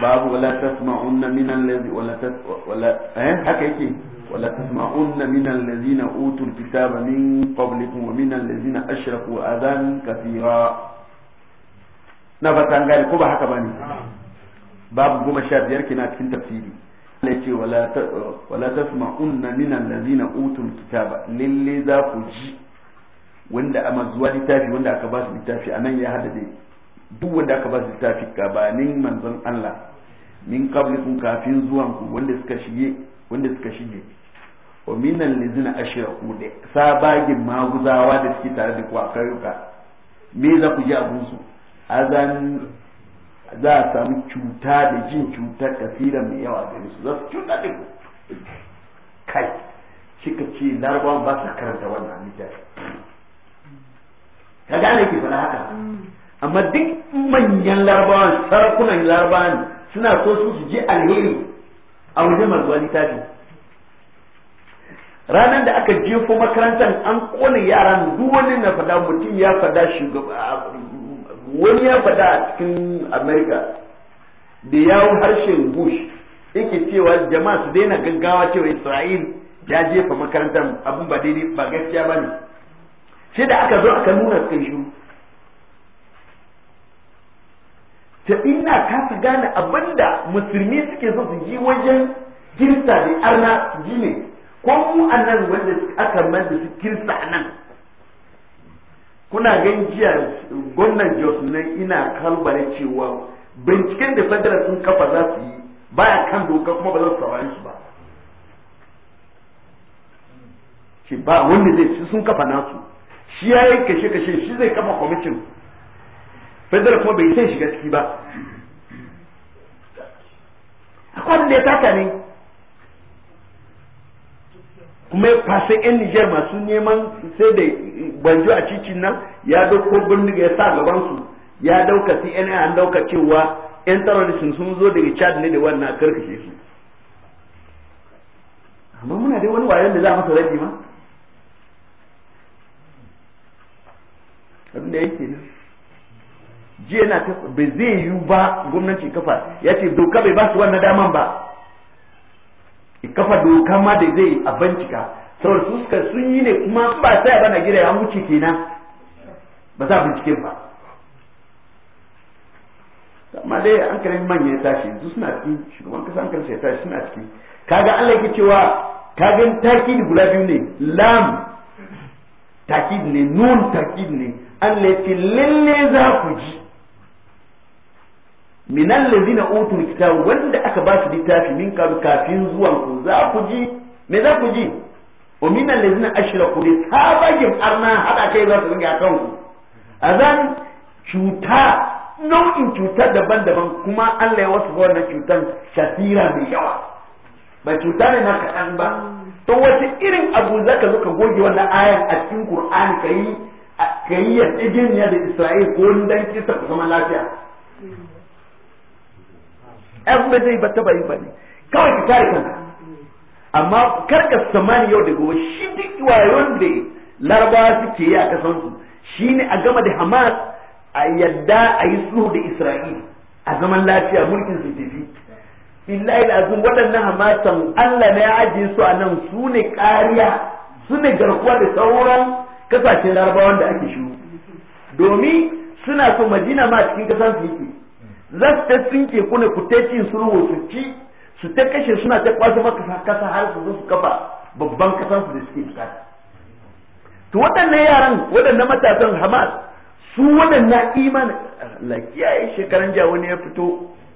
babu wala tasma'unna min allazi wala tas wala eh haka yake wala tasma'unna min allazina utul kitaba min qablikum wa min allazina ashraku adan kathira na ba tangare ko ba haka bane babu goma sha biyar kina cikin tafsiri Allah ce wala tasma'unna min allazina utul kitaba lalle za ku ji wanda zuwa littafi wanda aka ba su littafi anan ya hada dai duk wanda aka ba su littafi gabanin manzon Allah min qablikum kafin zuwan ku wanda suka shige wanda suka shige wa minan lizina ashraku da sabagin maguzawa da suke tare da ku a me za ku ji abun su azan za a samu cuta da jin cuta kasira mai yawa gare su za su cuta da ku kai kika ce larabawan ba su karanta wannan littafi ka gane ke fara haka mm. amma duk manyan larabawan sarakunan larabawan suna so su je alheri a wajen mazuwa tafi. ranar da aka jefo makarantar an kone yaran duk wani na fada mutum ya fada shugaba wani ya fada a cikin america da yawo harshen bush yake cewa jama'a su daina gaggawa cewa isra'il ya jefa makarantar abin ba daidai ba gaskiya ba ne sai da aka zo aka nuna kai shuru ta ina kasa gane abinda musulmi suke so su yi wajen kirsa da arna su ji ne ko mu nan wanda aka manta su kirsa nan kuna gan jiya gwamnan jos na ina kalbare cewa binciken da federal sun kafa za su yi baya kan doka kuma ba za su saurari su ba ba wanda zai sun kafa nasu shi ya yi kashe-kashe shi zai kafa kwamitin federal kuma bai sai shiga ciki ba akwai da ya taka ne kuma ya fasa yan Nijar masu neman sai da gwanjo a cikin nan ya dauko bindiga ya sa gabansu su ya dauka CNA an dauka cewa yan terrorism sun zo daga Chad ne da wannan karkashe su amma muna dai wani wayan da za a masa rabi ma abin da yake nan jiya na bai zai yiwu ba gwamnati kafa ya ce doka bai ba su wannan daman ba kafa doka ma da zai a bancika saboda su suka sun yi ne kuma ba sa ba na gida ya wuce kenan ba za bincike ba amma dai an kare manya ya tashi su suna ciki shugaban kasa an kare ya tashi suna ciki kaga Allah yake cewa kagan takid guda biyu ne lam takid ne nun takid ne Allah yake lalle za ku ji minan lazina utul wanda aka ba su littafi min kalu kafin zuwan ku za ku ji me za ku ji wa minan lazina ashraku ne sabagin arna hada kai za su ringa kan ku azan cuta nau'in cuta daban-daban kuma Allah ya wasu wannan cutar shafira mai yawa ba cuta ne na kaɗan ba to wace irin abu zaka zo ka goge wannan ayan a cikin Qur'ani kai kai ya tsidin ya da Isra'il ko dan kisa ku zama lafiya ɗan ba zai ba taba yi ba ne kawai ka kare kanka amma kar ka samani yau da gobe shi duk wayon da larabawa suke yi a kasansu shi ne a gama da hamas a yadda a yi sulhu da israila a zaman lafiya mulkin su tafi billahi azum waɗannan hamasan allah ne ya aje su a nan su ne kariya su ne garkuwa da sauran kasashen larabawan da ake shiru domin suna so madina ma cikin kasan su yake za su ta tsinke ne ku ta cin sulhu su ci su ta kashe suna ta kwasa maka kasa har su zo su kafa babban kasan su da suke bukata to waɗannan yaran waɗannan matasan hamas su waɗannan iman lafiya ya shekaran jiya wani ya fito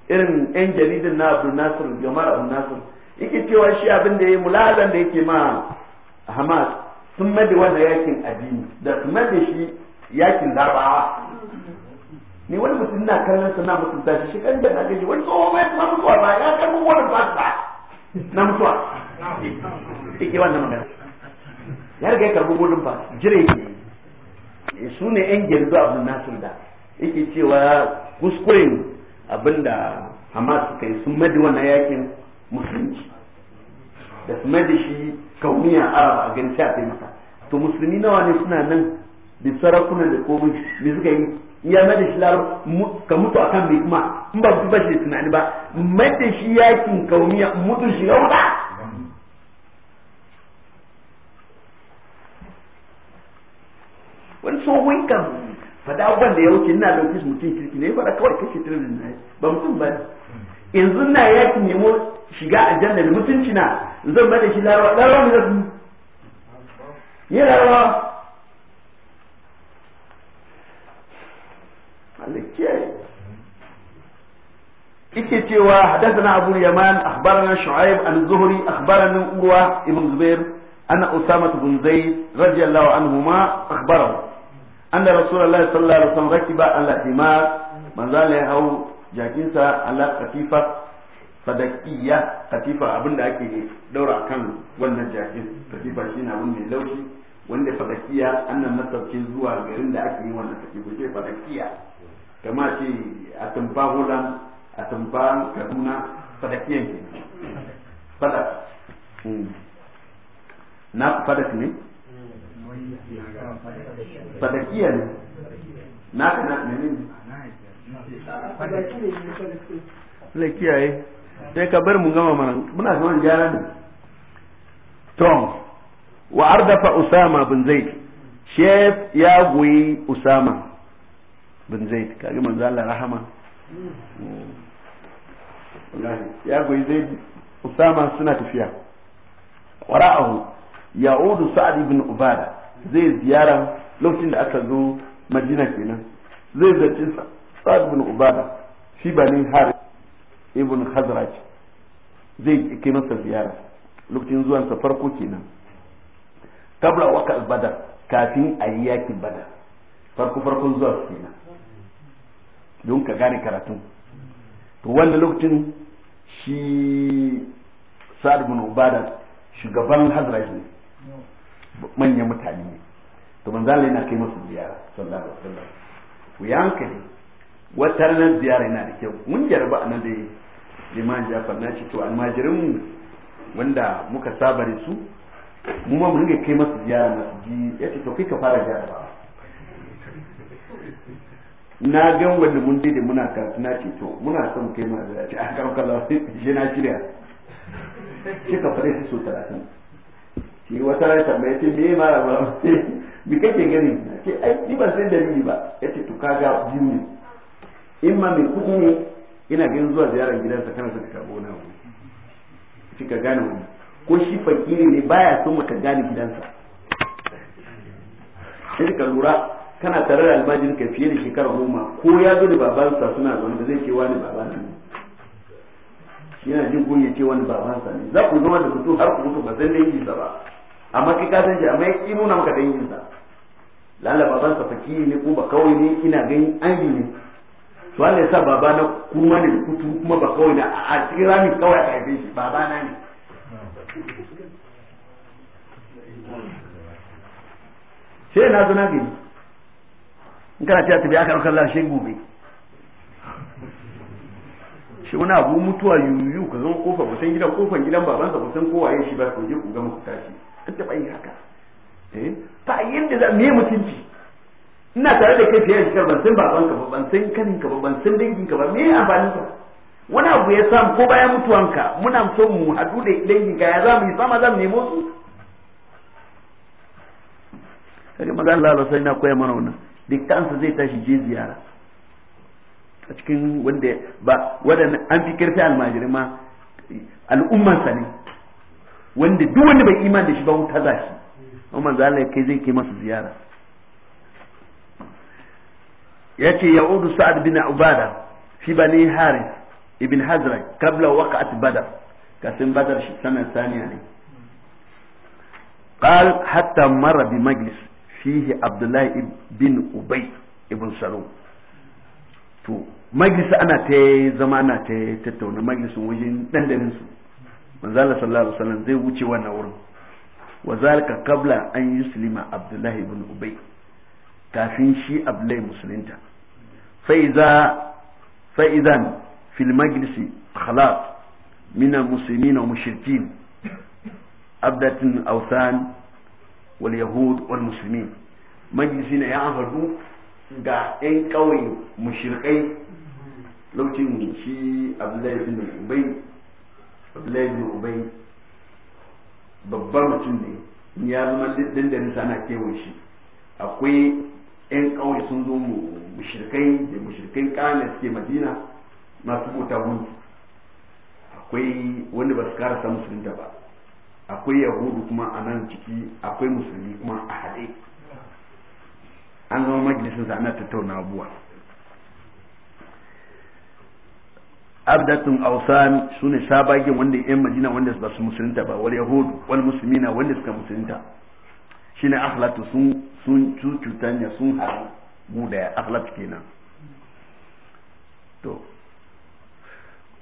irin yan jaridin na abu nasir jamar abu nasir yake cewa shi abin da ya yi mulazan da yake ma hamas sun mada wannan yakin addini da su mada shi yakin larabawa ne wani mutum na kallon sa na mutunta shi shi kan da na gani wani tsohon mai kuma mutuwa ba ya mun wani ba ba na mutuwa ike wannan magana ya riga ya karbi gudun ba jire ne su ne yan girzo abu nasir da yake cewa kuskuren abinda hamas suka yi sun madi wannan yakin musulunci da su madi shi kauniya araba a gani sha masa to musulmi nawa ne suna nan da sarakuna da komai me suka yi ya mada da shi ka mutu akan mai kuma in ba ba shi tunani ba mada da shi yakin kaumiya mutu shi yau ba wani tsohon kan fada abubuwan da ya wuce ina dauki su mutum kirki ne da kawai kashe tirin na ba mutum ba ne yanzu na yakin nemo shiga a da mutunci na zan mada da shi larawa larawa ne zafi yi larawa Allah kiyaye yake cewa hadathana abu yaman akhbarana shu'aib an zuhri akhbarana urwa ibn zubair anna usama bin zaid radiyallahu anhuma akhbarahu anna rasulullahi sallallahu alaihi wasallam rakiba ala himar manzala ya hau jakinsa ala katifa sadaqiyya katifa abinda ake daura kan wannan jakin katifa shine abin mai laushi wanda fadakiya annan nasabce zuwa garin da ake yi wannan katifa ce fadakiya kama ce a tumba holan a tumba kaduna sadakiyan hmm. ke sadak na sadak ne sadakiya ne eh. na ka na ne ne kiyaye sai ka bar mu gama mana muna zaman gyara ne tom wa ardafa usama bin zaid shef ya goyi usama bin zaid kaga manzo Allah rahama ya goyi zaid usama suna tafiya wara'ahu ya'udu sa'ad ibn ubada zai ziyara lokacin da aka zo madina kenan zai zaci sa'ad ibn ubada shi ba ne har ibn khazraj zai kai masa ziyara lokacin zuwan sa farko kenan kabla waka badar kafin a yi yakin badar farko farkon zuwa kenan don ka gane karatun to wanda lokacin shi sa'ad bin ubada shugaban hazraji ne manyan mutane ne to manzo Allah yana kai musu ziyara sallallahu alaihi wasallam ku yankali wata ranar ziyara yana da kyau mun jarba anan da liman jafar na shi, to almajirin mu wanda muka saba da su mu ma mun kai masu ziyara masu ji yace to kai ka fara jarabawa na gan wanda mun da muna karatu na ce to muna son kai ma da ci an karɓar kallon shi [LAUGHS] na shirya shi ka fare su talatin shi wata rai tambaya ce me ma ba [LAUGHS] me kake gani ce ai ni ban san dalili ba yace to kaga jini in ma mai kudi ne ina ganin zuwa ziyarar gidansa kana saka karɓo na wani shi ka gane wani ko shi fakiri ne baya so maka gane gidansa sai ka lura kana tare da almajirin ka fiye da shekara goma ko ya zo da babansa suna zaune da zai ce wani babansa ne yana jin ya ce wani babansa ne za ku zama da mutum har ku mutu ba zan da yin ba amma kai ka san shi amma ya ki nuna maka da yin sa lalla babansa fakiri ne ko ba kawai ne ina ganin an yi ne to Allah ya sa baba na kuma ne kutu kuma ba kawai na a cikin rami kawai ka yi shi baba na ne sai na zo na gani in kana cewa tabi aka ɗaukar lashe gobe shi wani abu mutuwa yuyu ka zama kofa ba san gidan kofan gidan babansa ba san kowa yin shi ba ku je ku gama muku tashi an taɓa yin haka eh ta yadda za me mutunci ina tare da kai fiye da ban san babanka ba ban san kaninka ba ban san danginka ba me amfanin ka wani abu ya samu ko bayan mutuwanka muna so mu haɗu da danginka ya za mu yi sama za mu nemo su kaga maza Allah sai na koya mana wannan da zai tashi je ziyara a cikin wanda ba wadanda an fi karfi almajiri ma sa ne wanda duk wanda bai iman da shi ba wuta za shi amma manzo Allah kai zai kai masa ziyara yace udu sa'ad bin ubada fi bani harith ibn hazra kabla waqa'at badar kasin badar shi sanan saniya ne قال حتى مر بمجلس fihi abdullahi bin ubay ibn salul to majalisa ana ta zama ana ta tattauna majalisin wajen dandanin su manzala sallallahu alaihi zai wuce wannan wurin wa zalika qabla an yuslima abdullahi ibn ubay kafin shi abdullahi musulunta fa iza fa idan fil majlisi khalat min al-muslimin wal yahud wal muslimin majalisi ne ya hadu ga yan kauye mushrikai lokacin shi abdullahi bin ubay abdullahi bin ubay babban mutum ne ya zama dandanin na ke wanshi akwai yan kauye sun zo mu mushrikai da mushrikai kana suke madina masu bota akwai wani ba su karasa musulunta ba akwai yahudu kuma a nan ciki akwai musulmi kuma a haɗe an zama majalisun sa ana tattauna abuwa abdatun ausan su ne sabagin wanda yan majina wanda ba su musulunta ba wal yahudu wal musulmina wanda suka musulunta shine akhlatu sun sun cutanya sun haɗu mu da akhlatu kenan to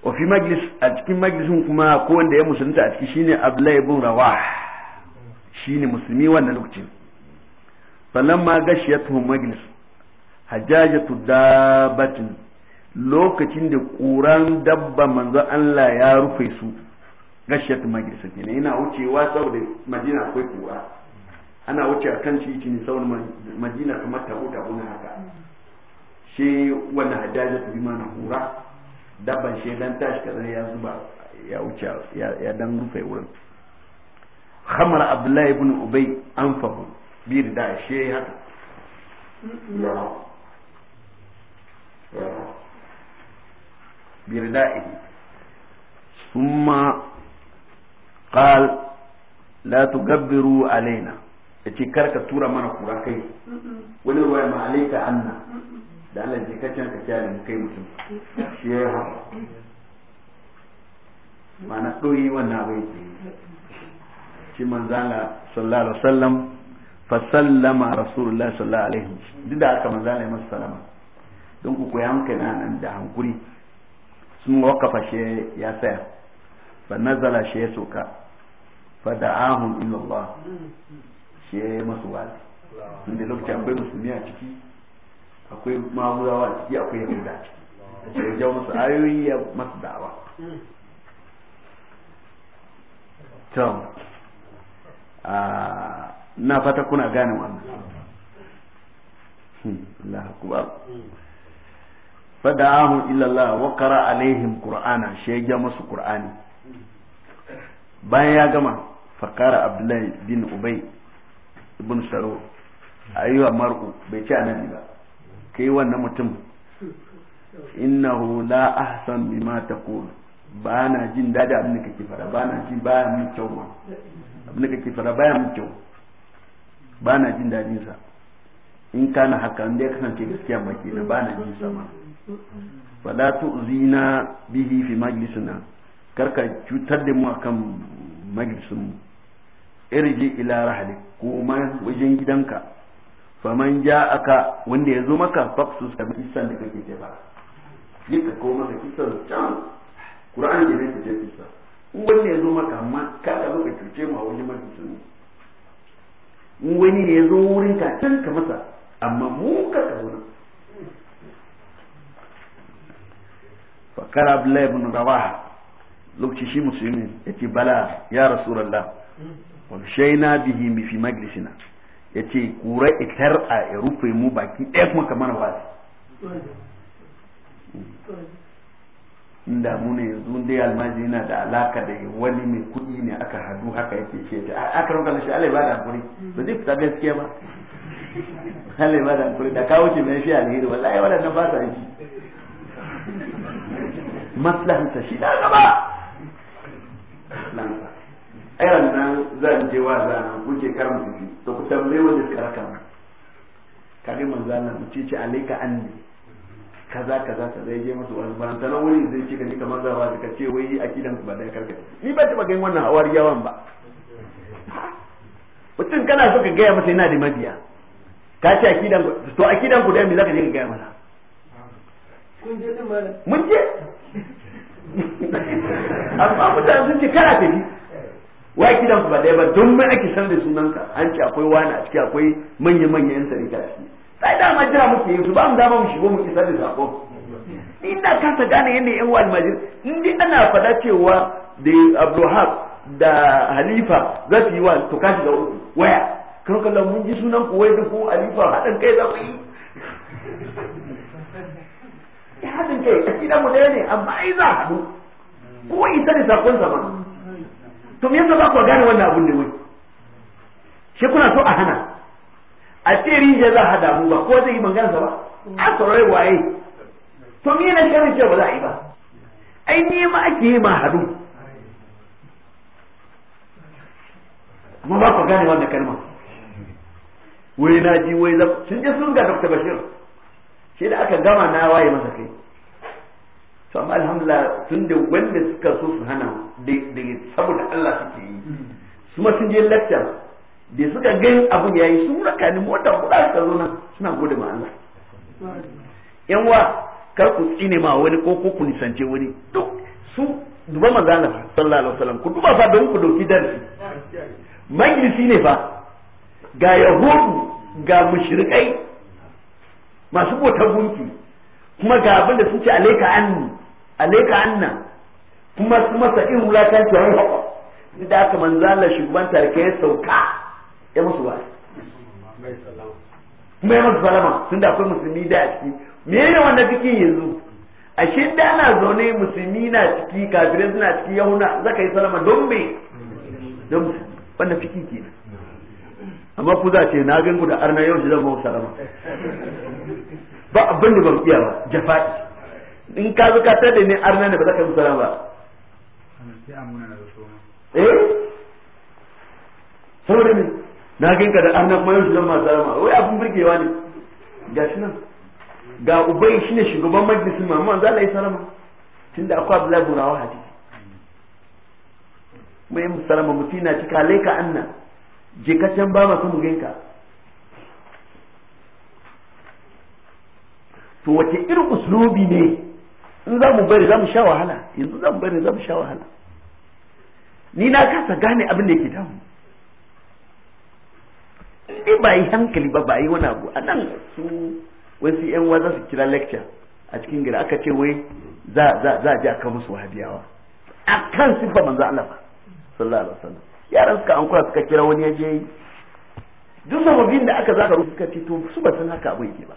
wa fi majlis a cikin majlisin kuma ko wanda ya musulunta a ciki shine Abdullahi ibn Rawah shine musulmi wannan lokacin falamma gashiyatuhum majlis hajjajatu dabatin lokacin da ƙuran dabba manzo Allah ya rufe su gashiyatu majlis kenan yana wucewa saboda Madina akwai kura ana wuce kan titi ne saboda Madina kamar tabo tabo haka shi wannan hajjajatu bi mana kura dabban shi dan tashi kadan ya zuba ya wuce ya dan rufe wurin khamar abdullahi ibn ubay anfahu bi da shi haka بردائه ثم قال لا تكبروا علينا yace karka tura mana kura kai wani ruwa ma alaika anna da Allah ji ka can ka kyale mu kai mutum shi ya haka Mana ɗoyi wannan bai yake shi manzala sallallahu alaihi wasallam fa sallama rasulullahi sallallahu alaihi wasallam duk da aka manzala ya masa salama don ku koyi na nan da hankuri sun wakafa shi ya tsaya fa nazala shi ya soka fa da'ahum illallah shi ya masu Sun inda lokacin akwai musulmi a ciki akwai magurawa a ciki akwai yahuda a ciki ya jawo masu ayoyi ya masu da'awa to na fata kuna gane wannan hmm, Allah akbar fada'ahu ila Allah wa qara alaihim qur'ana shege masu qur'ani bayan ya gama fakara abdullahi bin ubay ibn saro ayyuha marku bai ci annabi ba kai wannan mutum innahu la ahsan bima taqul ba na jin dadi abin da kake fara ba na jin baya mun kyau ma abin da kake fara baya mun kyau ba na jin dadin sa in kana haka inda ya kasance gaskiya ke kenan ba na jin sa ma tu tu'zina bihi fi majlisina karka cutar da mu akan majlisin mu irji ila rahlik kuma wajen gidanka faman ja aka wanda ya zo maka su da kisan da kake ce ba ne ka kawo maka kisan can ƙura'an da ne ka kisa wanda ya zo maka amma kada maka cuce ma wani mafi sun wani ne ya zo wurin ka can ka masa amma mu ka ka wurin fakar abu laifin rawa lokaci shi musulmi ya ce bala ya rasulallah wa shaina bihi mafi majlisina ya ce kura itar a rufe mu baki ɗaya kuma kamar su inda mu ne yanzu dai almaji yana da alaka da wani mai kuɗi ne aka hadu haka yake ce ta aka ruka da shi alai ba da hankuri ba zai fita gaskiya ba alai ba da hankuri da kawo ce mai shi alheri wallahi wadannan ba sa yi maslahansa shi da gaba maslahansa ayan nan zan je wa zana ku ke kar mu to ku tambaye wanda suka raka mu kare manzo Allah mu ce ce alaika anni kaza kaza ta zai je musu wani ban tana wuri zai ce kani kamar zawa ka ce wai akidan ku ba da karka ni ba taba gani wannan hawar yawan ba mutum kana so ka gaya masa yana da mabiya ka ce akidan ku to akidan ku da me zaka je ka gaya masa kun je din mun je amma mutane sun ce kana tafi wa kidan ku ba dai ba don mai ake san da sunanka an ce akwai wani a ciki akwai manya manya yan sarika a ciki sai da ma jira muke yin su ba mu ba mu shigo mu isar da sako ina ta gane yadda yan wal majid in ana fada cewa da Abdulhab da Halifa za su yi wa to kashi da waya kan kallon mun ji sunan ku wai da ku Halifa haɗin kai za ku yi ya hadin kai a gidan mu ɗaya ne amma ai za a haɗu ko isa da sakon zaman to me yasa ba ku gane wannan abun ne wai shi kuna so a hana a ce rijiya za a hada mu ba ko zai yi mangansa ba a saurari waye to me na shirin ce ba za a yi ba ai ni ma ake yi ma hadu amma ba ku gane wannan kalma wai na ji wai sun je sun ga Dr. Bashir shi da aka gama na waye masa kai to amma alhamdulillah tun da wanda suka so su hana da saboda Allah suke yi hmm. su ma sun je lecture da suka abin abun yayi su raka ni mota kuɗa suka zo nan suna gode ma Allah yan wa kar ku tsine ma wani ko ku nisance wani to su duba manzo Allah sallallahu alaihi wasallam ku duba fa don ku dauki darsi majalisi ne fa ga yahudu ga mushrikai masu bautar gunki kuma ga abin da sun ce alaika anni alaika anna kuma masa in ta wani haƙwa da aka manzala shugaban tarke ya sauka ya musu ba kuma ya musu salama tun da akwai musulmi da a ciki me ne wanda cikin yanzu ashe da na zaune musulmi na ciki kafirai suna ciki yahuna zaka yi salama don me don wanda fiki kenan amma ku za ce na gangu da arna yau shi zan ba salama ba abin da ban iya ba jafa'i in ka zo ka tada ne arna ne ba za ka yi ba eh saboda ne na ginka da arna kuma yau zan ma salama wai abun burgewa ne ga shi nan ga ubai ne shugaban majalisin mamman za Allah ya salama tunda akwai Abdullahi bin Rawaha hadisi mai musalama mutum na cika laika anna je ka can ba masu muginka to wace irin uslubi ne in za mu bari za mu sha wahala yanzu za mu bari za mu sha wahala ni na kasa gane abin da yake damu in ba yi hankali ba ba yi wani abu a nan su wasu yan uwa za su kira lecture a cikin gida aka ce wai za za za ji aka musu wahabiyawa a kan sifa manzo Allah ba sallallahu alaihi wasallam yaran suka ankura suka kira wani ya je duk sababbin da aka zaka rubuta ce to su ba san haka abu yake ba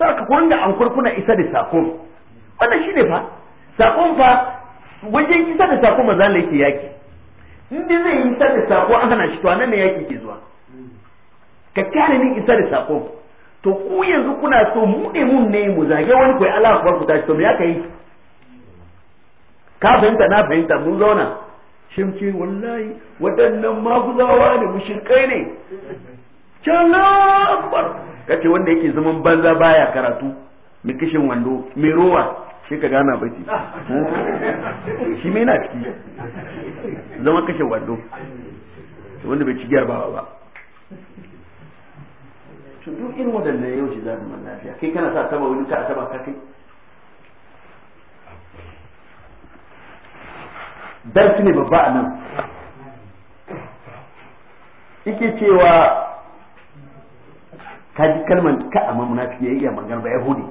saka kurin da an kurkuna isa da sakon wannan shine fa sakon fa wajen isa da sakon maza yake yaki in zai yi isa da sako an hana shi to anan ne yaki ke zuwa ka kyale ni isa da sakon to ku yanzu kuna so mu ne mun ne mu zage wani kai Allah akbar ku tashi to me yaka yi ka fahimta na fahimta mun zauna shimci wallahi waɗannan maguzawa ne mushirkai ne akbar kace wanda yake zaman banza baya karatu mai kishin wando mai rowa shi ka gana bace shi mai na ciki zama kashe wando wanda bai ci giyar ba ba to duk irin waɗannan yau shi zaɓi man lafiya kai kana sa taba wani ka a taba ka kai darsi ne babba a nan ike cewa ka ji kalman ka amma munafiki ya iya magana ba yahudi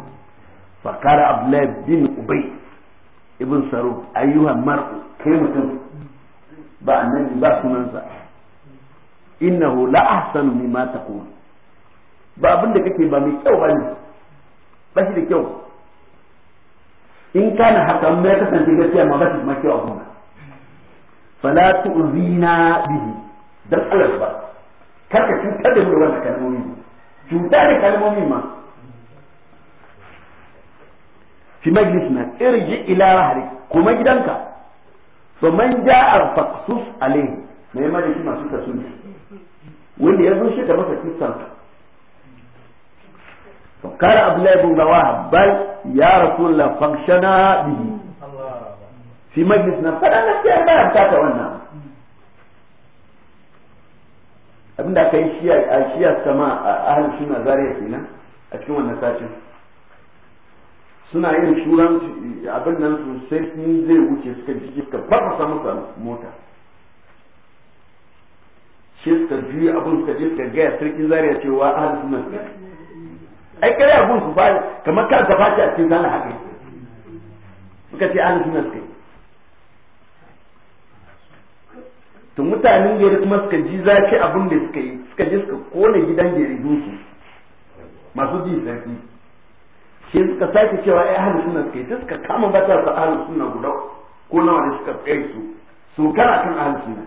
fa qara abdullah bin ubay ibn saru ayyuha mar'u kai mutum ba annabi ba sunansa innahu la ahsanu mimma taqul ba abin da kake ba mai kyau ba ne ba shi da kyau in kana haka mai kasance gaskiya ma ba shi ma kyau abun fala tu'zina bihi dan Allah ba karka cutar da mu da wannan kalmomi cuta da kalmomi ma fi majlis na irji ila rahari kuma gidanka fa man ja'a faqsus alayhi mai ma da shi masu tasuni wanda ya zo shi da maka kisan to kana abdullahi ibn rawah bal ya rasulullah fankshana bihi fi majlis na fada na sai ba ta wannan abinda aka yi shiya sama a ahal suna zariya kenan a cikin wannan sashen suna yin shuran abin nan sosai sun zai wuce suka jiki suka barba samu mota shi suka juyi abin suka je suka gaya sarkin zariya cewa ahal suna ai kare abin su ba kamar kan ta shi a cikin zana haka suka ce ahal suna suka to mutanen gari kuma suka ji zafi abin da suka yi suka ji suka kone gidan gari su masu ji zafi shi suka sake cewa ai ahlus sunna suka yi ta suka kama bata su ahlus sunna guda ko nawa ne suka kai su su kana kan ahlus sunna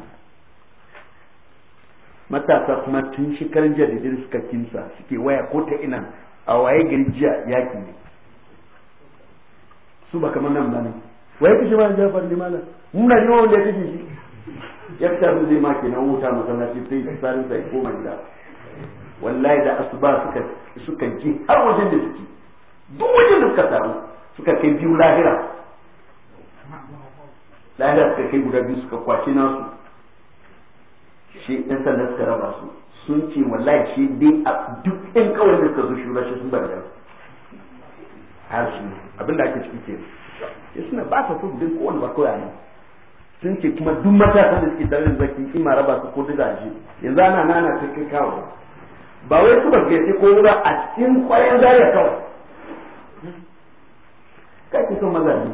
matasa kuma tun shekarun jadidin suka kinsa suke waya ko ta ina a waye gari jiya yaki ne su ba kamar nan ba ne waye kishi ma jafar ne malam muna yi wanda ya kishi shi ya fita zai maki na wuta masallaci sai da tsarin sai koma gida wallahi da asuba suka suka ji har wajen da suke duk wajen da suka taru suka kai biyu lahira lahira suka kai guda biyu suka kwace nasu shi ɗan sannan suka raba su sun ce wallahi shi dai a duk ɗan kawai da suka zo shi rashin sun bari da har su abinda ake ciki ke suna ba ta so bin kowane ba kawai nan. sun ce kuma duk matasan da suke tare da zaki in ma raba su ko da zaje yanzu ana nana ta kai kawo ba wai su ba gaske ko wura a cikin kwayan zariya kawo kai ki son maza ne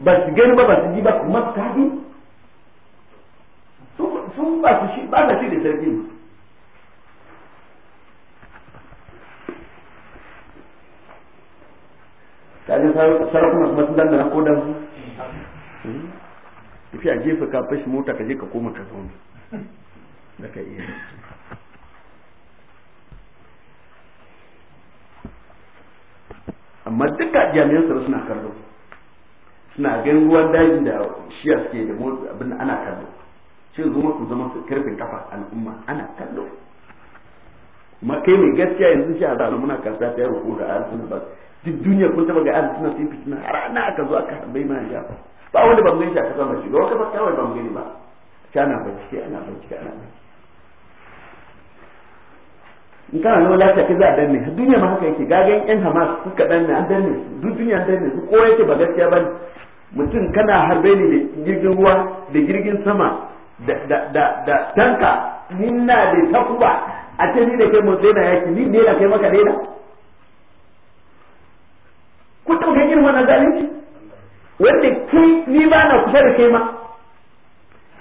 ba su gani ba ba su ji ba kuma su kaji sun ba su shi ba shi da sarki kaji sarakuna kuma sun dandana ko su hmm? tafi a jefa ka fashi mota ka je ka koma ka zauna da ka iya amma duka jami'an tsaro suna kallo suna ganin ruwan daji da shiya suke da abin da ana kallo ce zo ku zama su karfin kafa al'umma ana kallo kuma kai mai gaskiya yanzu shi a zalu muna kasa ta yaro ko da arzikin ba duk duniya kun taba ga arzuna sun fitina har ana aka zo aka bai mana jafa ba wanda ban gani a kasar mace ba wata ba kawai ban gani ba shi ana bincike ana bincike ana bincike in kana zama lafiya kai za a danne duniya ma haka yake gagan yan hamas suka danne an danne su duk duniya an danne su ko yake ba gaskiya ba mutum kana harbe ne da jirgin ruwa da jirgin sama da tanka ni na da takuba a ce ni da kai mu daina yaki ni ne da kai maka da ku dauka irin wannan zalunci wanda kai ni ba na kusa da kai ma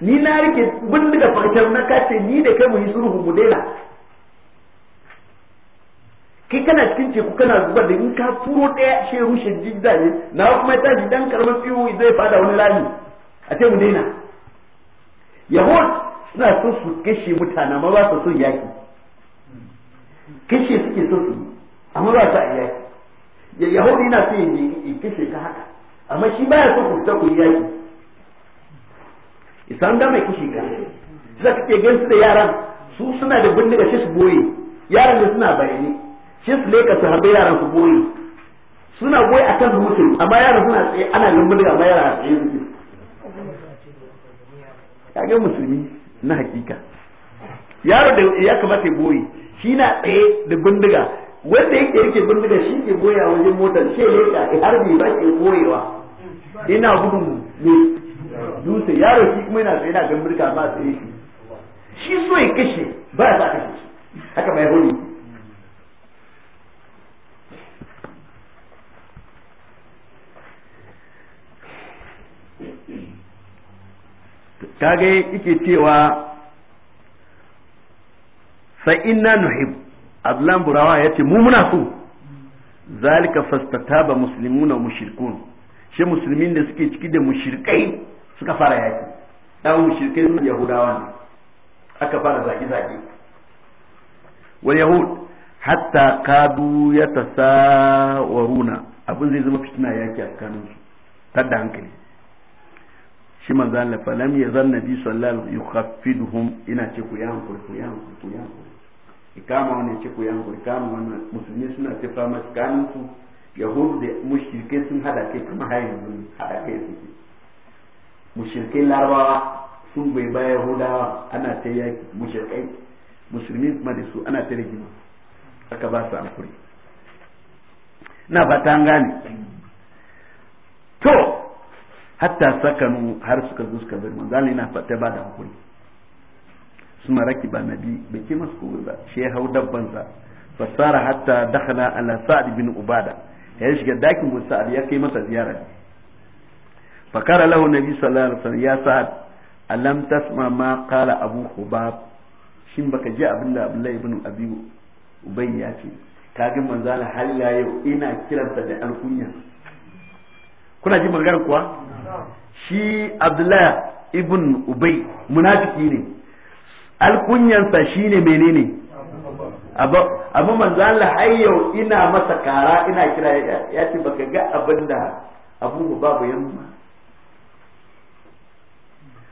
ni na rike bindiga farkar na kace ni da kai mu yi sulhu mu daina kai kana cikin teku kana zubar da in ka furo daya she rushe ne na kuma ji dan karban tsiwo zai fada wani rami a ce mu daina yahud suna so su kashe mutane amma ba su son yaki kashe suke so su amma ba su a yaki yahudi na so ya kashe ka haka amma shi baya so ku fita ku yi yaki isan da mai kishi ka sai kake gan su da yaran su suna da bindiga shi su boye yaran da suna bayani shi su leka su harbe yaran su boye suna boye akan mutum amma yaran suna tsaye ana nan bindiga amma yaran tsaye ya ga musulmi na hakika yaro da ya kamata ya boye shi na tsaye da bindiga wanda yake yake bindiga shi ke a wajen motar shi ne ka harbi ba ke boyewa ina gudun ne dutse yaro shi kuma yana tsaye na gambirka ba tsaye shi shi so ya kashe ba ya za kashe shi haka mai hori ga yake cewa fa inna nuhib adlan burawa ce mu muna so zalika fastataba na mushrikun shi musulmin da suke ciki da mushirkai suka fara yaki dan mushirkai sun yahudawa ne aka fara zaki zaki wal yahud hatta kadu yatasawaruna abin zai zama fitina yaki a tsakanin su tadda hankali shi manzo Allah fa lam zanna bi sallallahu yukhaffiduhum ina ce ku yan ku yan ku yan ku ikama wani ce ku yan ku ikama wani musulmi suna ce fama tsakanin su yahudu da mushirke sun hada kai kuma har yanzu hada kai mushirke larabawa sun bai ba yahudawa ana ta yaki mushrikai musulmi kuma da su ana ta rigima aka ba su hankuri na ba ta gane to hatta sakanu har suka zo suka bar manzo Allah yana fata ba da hankuri suna raki ba nabi bai ke masu kowa ba shi hau dabbansa fasara hatta dakhala ala sa'd bin ubada ya shiga dakin musa'ad ya kai masa ziyara fakara lahu nabi sallallahu alaihi wasallam ya sa'ad alam tasma ma qala abu hubab shin baka ji abin da abdullahi ibn abi ubay ya ce kagin manzala halla yau ina kiranta da alkunya kuna ji magana kuwa shi abdullahi ibn ubay munafiki ne alkunyansa shine menene abu manzo Allah ai yau ina masa kara ina kira ya ce baka ga da abu babu yamma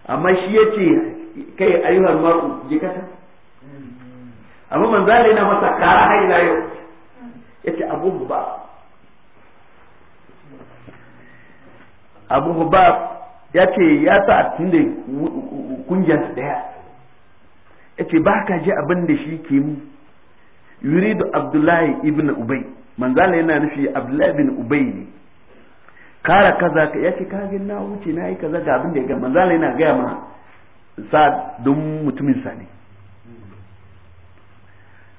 amma shi ya ce kai ayyuhar mar'u jikata amma manzo Allah ina masa kara har ina yau ya ce abu ba abu ba ya ce ya sa a da kungiyar daya ya ce ba ka ji abin da shi ke mu yuridu abdullahi ibn ubay manzala yana nufi abdullahi ibn ubay ne kara kaza ka yace ga na wuce na yi kaza ga abin da ya ga manzala yana gaya ma sa don mutumin sa ne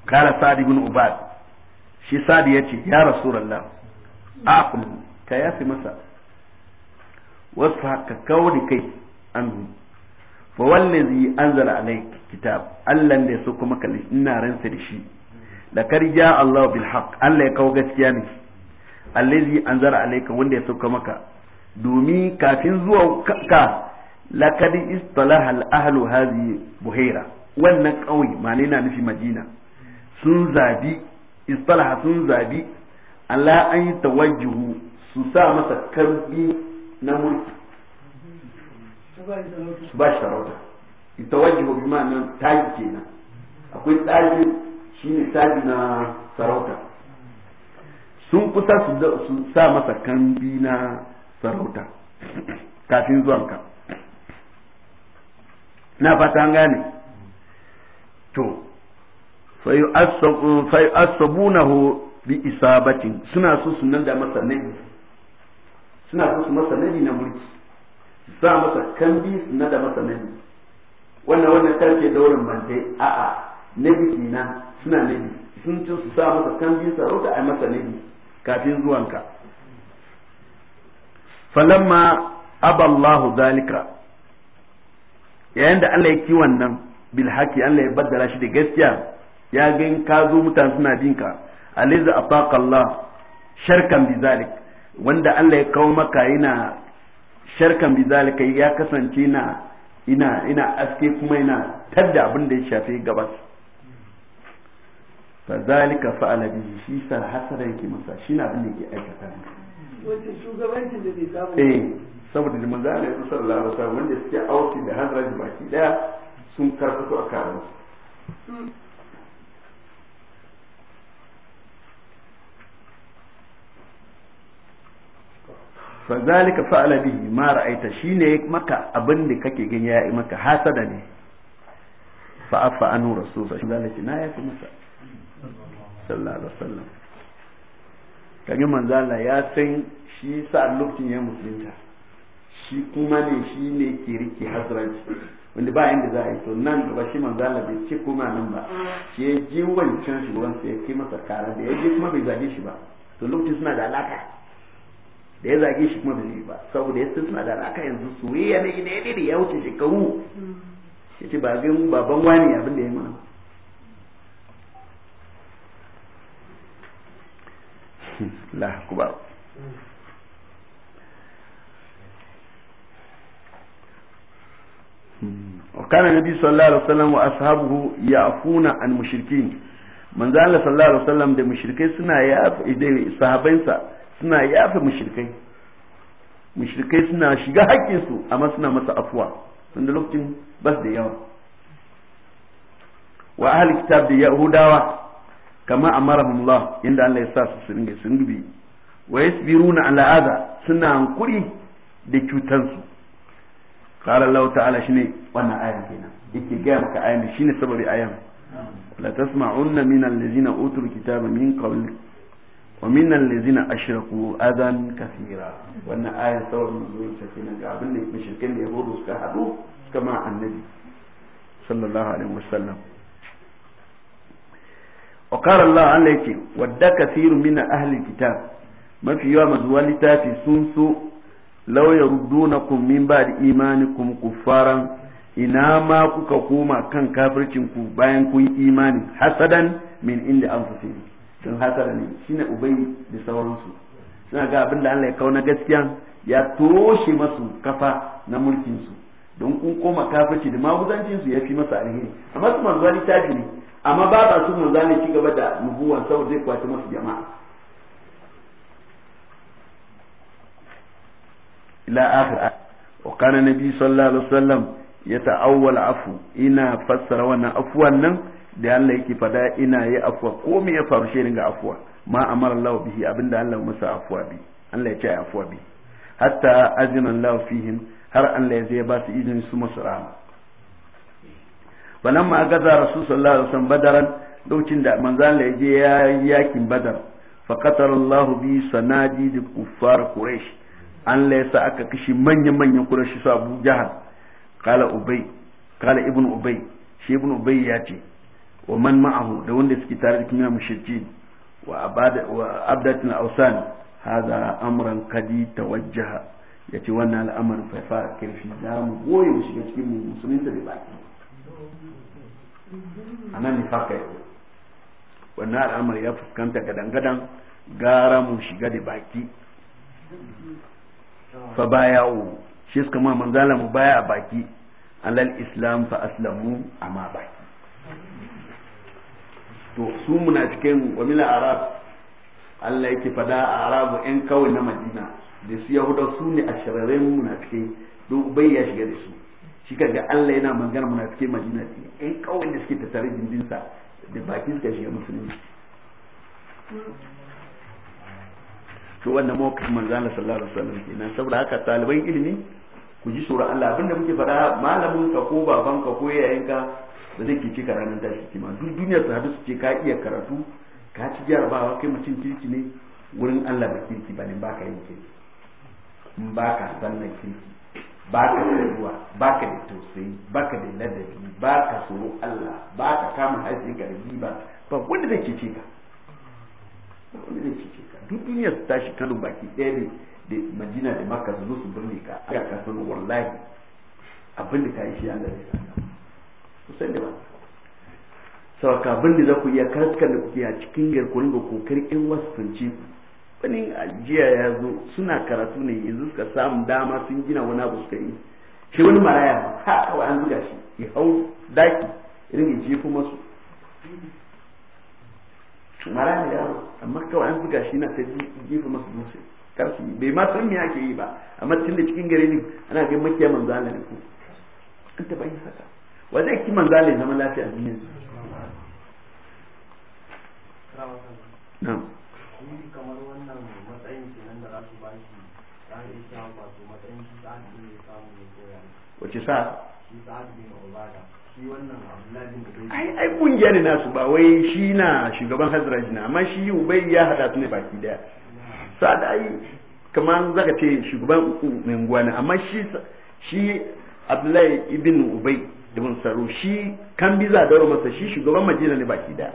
kara sa ibn ubad shi da yace ya rasulullah aqul ka yafi masa wasu haka kawo da kai anhu fa wallazi anzala alayka kitab allan da su kuma kalli ina ransa da shi da karja Allah bil haqq Allah ya kawo gaskiya ne allazi anzara alayka wanda ya sauka maka domin kafin zuwa ka laqad istalaha al ahlu hadhihi buhaira wannan kauye mane na nufi madina sun zabi istalaha sun zabi Allah an yi tawajjuhu su sa masa karbi na mulki su ba shi sarauta wajibu bi ma'anar taji kenan akwai taji ne taji na sarauta sun kusa su sa masa kambi na sarauta [CLEARS THROAT] kafin zuwanka na fata gane to fayu'assabunahu bi isabatin suna so su nan da masa nabi suna so su masa nabi na mulki su sa masa kambi su nan da masa nabi wannan wannan tarke daurin mante a'a nabi ina suna nabi sun ci su sa masa sa sarauta a masa nabi kafin zuwanka falamma aballahu zalika yayin da Allah ya ki wannan bil haqi Allah ya baddala shi da gaskiya ya in ka zo mutane suna bin ka aliza afaqa Allah sharkan bi zalik wanda Allah ya kawo maka yana sharkan bi zalika ya kasance na ina ina aske kuma ina tadda abin da ya shafi gabas fa zalika fa'ala bihi shi sa yake masa shi na abin da yake aikata wace da bai samu eh da Allah wanda suke auki da hasara da baki daya sun karfato a karan su fa zalika fa'ala bihi ma ra'aita shine maka abin da kake gani ya yi maka hasada ne fa afa anu rasul sallallahu alaihi wasallam na masa sallallahu alaihi wasallam kaga manzo Allah ya san shi sa lokacin ya musulunta shi kuma ne shi ne ke rike hasranci wanda ba inda za a yi to nan gaba shi manzo Allah bai ce kuma nan ba shi ya ji wancan shugaban sai ya kai masa kara da ya ji kuma bai zage shi ba to lokacin suna da alaka da ya zage shi kuma bai ba saboda yasin suna da alaka yanzu soyayya ne ne ya da ya wuce shekaru ya ce ba baban wani abin da ya mana Hmm. kana na Allah akbar وكان النبي صلى الله عليه وسلم واصحابه يعفون عن مشركين manzo Allah sallallahu alaihi wasallam da mushrikai suna yafi idan sahabansa suna yafi mushrikai mushrikai suna shiga haƙƙin su amma suna masa afuwa tunda lokacin bas da yawa wa ahli kitab da yahudawa kama amarahumullah yanda Allah ya sa su su dinga, sun dubi wa yasbiruna ala adha suna hankuri da cutansu qala Allah ta'ala shine wannan ayan kenan yake ga maka ayan shine sababi ayan la tasma'unna min allazina utul kitaba min qabl wa min allazina ashraku adan kathira wannan ayan sababi ne take nan ga abin da mushrikin da yahudu suka hadu suka ma annabi sallallahu alaihi wasallam wa qala Allah Allah yake wadda kathiru min ahli kitab mafi yawa mazuwa littafi sun so law yaruddunakum min ba'di imanikum kuffaran ina ma kuka koma kan kafircin ku bayan kun imani hasadan min inda anfusikum sun hasara ne shine ubai da sauransu suna ga abin da Allah ya kawo na gaskiya ya toshe masu kafa na mulkin su don kun koma kafirci da maguzancin su ya fi masa alheri amma su manzuwa littafi ne amma ba ba su manzo ne ci gaba da nubuwan sau zai kwace masu jama'a ila akhir wa kana nabi sallallahu alaihi wasallam yata'awwal afu ina fassara wannan afwan nan da Allah yake fada ina yi afwa ko me ya faru shi ga afwa ma amara Allah bihi abinda Allah masa afwa bi Allah ya ce afwa bi hatta azina Allah fihim har Allah ya zai ba su izini su masu rama falan ma gaza rasul sallallahu alaihi wasallam badaran lokacin da manzan da je ya yakin badar fa qatara Allah bi sanadi da kuffar quraish an laysa aka kishi manyan manyan quraish su Abu Jahal qala ubay qala ibnu ubay shi ibnu ubay ya ce wa man ma'ahu da wanda suke tare da kuma mushrikin wa abada wa abdatul awsan hada amran kadi tawajjaha yace wannan al'amarin fa fa kirfi za mu goye shi cikin musulmin da baki a nan ne farka yi wannan al'amar ya fuskanta gadan-gadan gara mu shiga da baki fa baya u shi suka ma manzala mu baya a baki alal islam fa aslamu amma baki to su muna cikin wamila arab Allah yake fada a arabu yan kawai na madina da su yahuda su ne a shirarren muna cikin don bai ya shiga da su shi ka ga Allah yana magana munafike Madina ce ɗan kawai da suke tattare sa da bakin suka shiga musulunci to wannan mawqif manzo Allah sallallahu alaihi wasallam kenan saboda haka taliban ilimi ku ji tsoron Allah abinda muke fara malamin ka ko baban ka ko yayin ka da zai kici karanta da shi kima duk duniya su hadu su ce ka iya karatu ka ci jarabawa kai mutum kirki ne wurin Allah ba kirki ba ne ba ka yin kirki ba ka sannan kirki baka da rayuwa baka da tausayi baka da ladabi baka ka tsoro Allah baka kama harshe garbi ba ba wanda zai cece ka wanda zai cece ka duk duniya su tashi kano baki ɗaya ne da madina da maka su su birni ka aya ka san wallahi abin da ka yi shi Allah zai saka ku san da ba sauka abin da za ku iya karkar da kuke a cikin garkuwar ga kokarin wasu fance ku wani ajiya ya zo suna karatu ne yanzu suka samu dama sun gina wani abu suka yi shi wani maraya ha kawai an zuga shi ya hau daki irin ya jefu masu maraya ya zo, amma kawai an zuga shi na ta jefa masu dutse karfi bai ma san me ake yi ba amma tun da cikin gare ne ana ga makiya manzo Allah ne ko an taba yin haka wa zai ki manzo Allah zaman lafiya a duniya na'am wace sa ai ai kungiya ne nasu ba wai shi na shugaban hazraj na amma shi ubai ya hada su ne baki daya sa'ad ai kamar zaka ce shugaban unguwa ne amma shi shi abdullahi ibn ubai ibn saro shi kan biza daura masa shi shugaban madina ne baki daya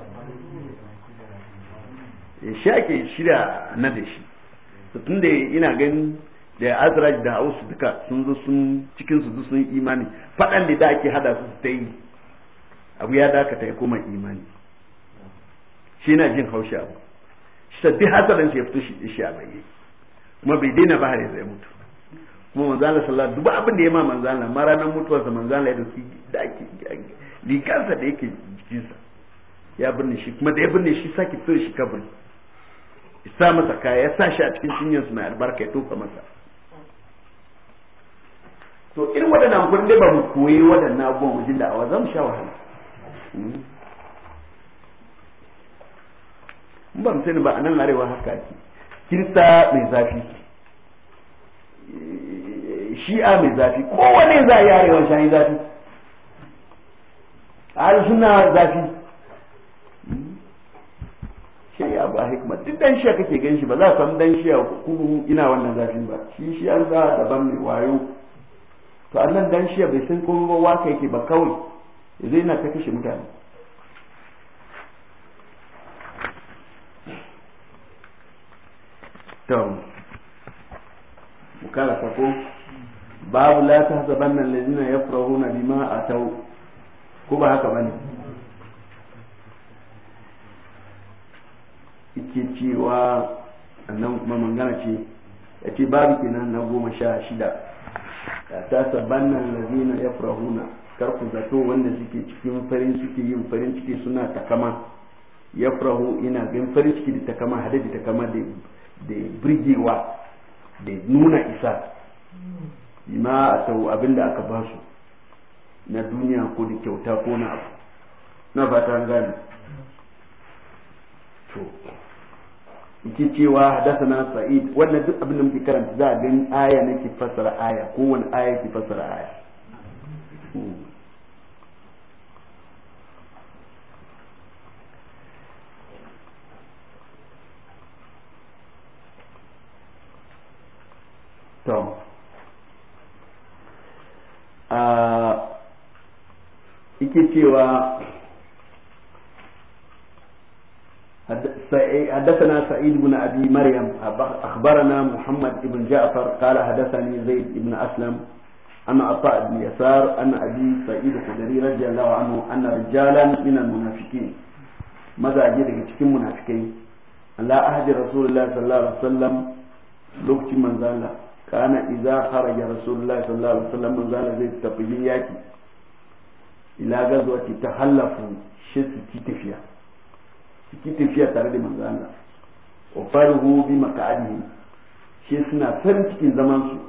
eh, shi ake shirya na da shi tun da ina ganin da azraj da hausu duka sun zo sun cikin su sun imani fadan da da ake hada su ta yi abu ya dakata ya koma imani shi na jin haushi abu sabbi hasarin ya fito shi shi a bayyane kuma bai daina ba har ya zai mutu kuma manzala sallallahu duba abin da ya ma manzala ma ranar mutuwarsa manzala ya dauki da ake likansa da yake jikinsa ya binne shi kuma da ya binne shi sake fito shi kabari isa masa kaya ya sa shi a cikin cinyarsa suna albarka ya tofa masa to irin waɗannan amfani dai ba mu koyi waɗannan abubuwan wajen da a za mu sha wahala in hmm. ba sani ba a nan arewa haka ake kirista mai zafi shi'a mai zafi kowane za a yi arewa shayi zafi a suna zafi shi ya ba hikima duk dan shiya kake gan shi ba za a samu dan shiya kuma ina wannan zafin ba shi shi an za daban mai wayo to annan dan shiya bai san ko ba waka yake ba kawai zai na ta kashe mutane to mukala ko babu la ta ya allazina yafrahuna bima ta ko ba haka bane yake cewa annan kuma mangana ce yace babu kenan na goma sha shida ta sabanna allazina yafrahuna kar ku zato wanda suke cikin farin ciki yin farin ciki suna takama yafrahu ina gan farin ciki da takama hada da takama da da birgewa da nuna isa bima abin abinda aka ba su na duniya ko da kyauta ko na abu na fata gane to ki cewa hadathana sa'id wannan duk abin da muke karanta za a gani aya nake fassara aya wani aya ke fassara aya to a ah, yake cewa حدثنا سعيد بن أبي مريم أخبرنا محمد بن جعفر قال حدثني زيد بن أسلم أن عطاء بن يسار أن أبي سعيد الخدري رضي الله عنه أن رجالا من المنافقين ماذا أجد كتكين منافقين لا أهدي رسول الله صلى الله عليه وسلم لوكت من ذلك كان إذا خرج رسول الله صلى الله عليه وسلم من ذلك زي التقييات إلى غزوة تحلفوا شتي تفيا ki tafiya tare da manzo Allah wa faruhu bi maqadihi shi suna san cikin zaman su